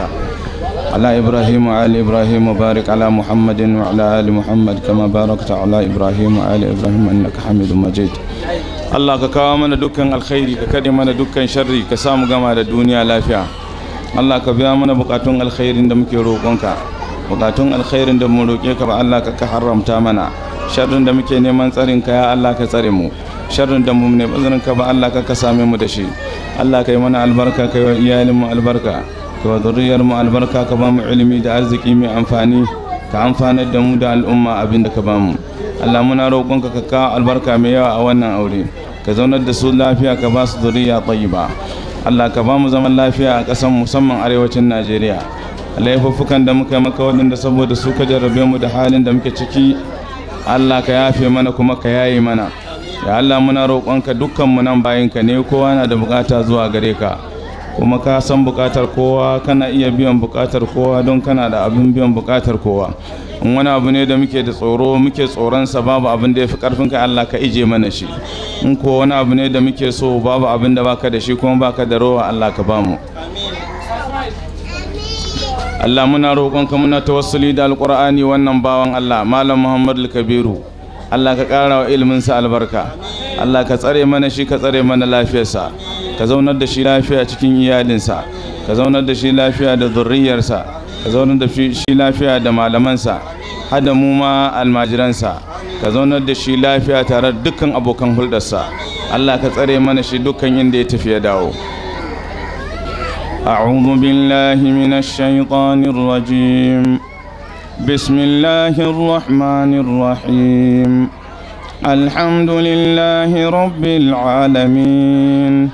على إبراهيم وآل إبراهيم وبارك على محمد وعلى آل محمد كما باركت على إبراهيم وآل إبراهيم إنك حميد مجيد Allah ka kawo mana dukkan alkhairi ka kade mana dukkan sharri ka samu gama da duniya lafiya Allah ka biya mana bukatun alkhairin da muke roƙonka bukatun alkhairin da mu ba Allah ka haramta mana sharrin da muke neman tsarin ka ya Allah ka tsare mu da mu ne ba Allah ka mu shi Allah ka yi mana albarka ka yi wa iyalin mu albarka ga mu albarka ka ba mu ilimi da arziki mai amfani ka amfanar da mu da al'umma abin da ka ba mu Allah muna roƙonka ka kawo albarka mai yawa a wannan aure ka zaunar da su lafiya ka ba su zuriya tayyiba Allah ka ba mu zaman lafiya a ƙasar musamman arewacin Najeriya laifuffukan da muka maka waɗanda saboda su ka jarrabe mu da halin da muke ciki Allah ka yafe mana kuma ka yaye mana ya Allah muna roƙonka dukkan mu nan bayinka ne kowa na da bukata zuwa gare ka kuma ka san bukatar kowa kana iya biyan bukatar kowa don kana da abin biyan bukatar kowa in wani abu ne da muke da tsoro muke tsoronsa babu abin da ya fi karfin ka Allah ka ije mana shi in ko wani abu ne da muke so babu abin da baka da shi kuma baka da rowa Allah ka bamu Allah muna ka muna tawassuli da alƙur'ani wannan bawan Allah malam Muhammad Kabiru Allah ka ƙara wa ilminsa albarka Allah ka tsare mana shi ka tsare mana lafiyarsa kazaunar da shi lafiya cikin iyalinsa ka zaunar da shi lafiya da zurriyarsa ka zaunar da shi lafiya da malamansa da mu ma almajiransa ka zaunar da shi lafiya tare da dukkan abokan hulɗarsa Allah ka tsare mana shi dukkan inda ya tafi ya dawo أعوذ بالله من الشيطان الرجيم بسم الله الرحمن الرحيم الحمد لله رب العالمين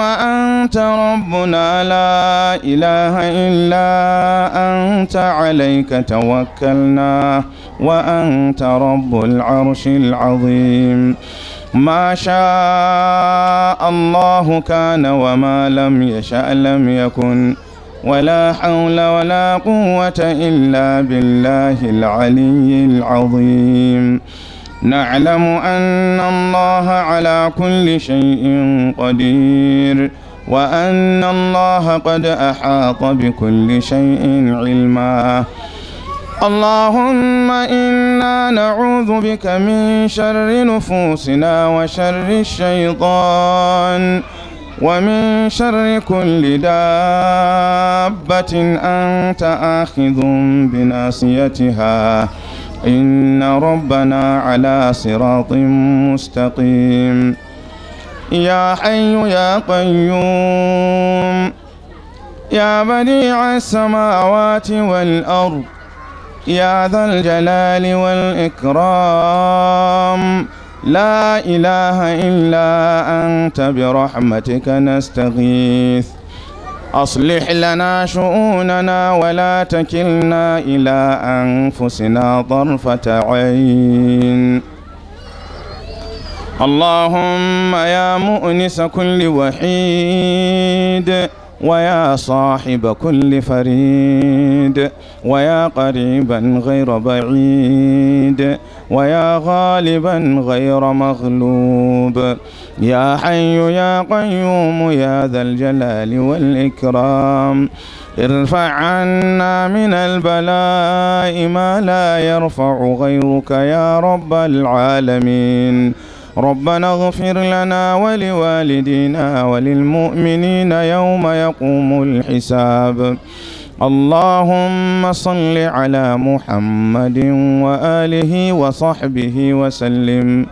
اللهم أنت ربنا لا إله إلا أنت عليك توكلنا وأنت رب العرش العظيم ما شاء الله كان وما لم يشأ لم يكن ولا حول ولا قوة إلا بالله العلي العظيم نعلم أن الله على كل شيء قدير وأن الله قد أحاط بكل شيء علما اللهم إنا نعوذ بك من شر نفوسنا وشر الشيطان ومن شر كل دابة أنت آخذ بناصيتها إن ربنا على صراط مستقيم يا حي يا قيوم يا بديع السماوات والأرض يا ذا الجلال والإكرام لا إله إلا أنت برحمتك نستغيث أصلح لنا شؤوننا ولا تكلنا إلى أنفسنا طرفة عين اللهم يا مؤنس كل وحيد ويا صاحب كل فريد ويا قريبا غير بعيد ويا غالبا غير مغلوب يا حي يا قيوم يا ذا الجلال والإكرام ارفع عنا من البلاء ما لا يرفع غيرك يا رب العالمين ربنا اغفر لنا ولوالدينا وللمؤمنين يوم يقوم الحساب اللهم صل على محمد وآله وصحبه وسلم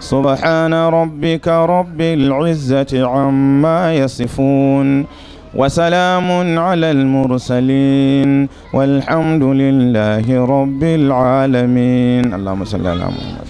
سبحان ربك رب العزة عما يصفون وسلام على المرسلين والحمد لله رب العالمين اللهم صل على محمد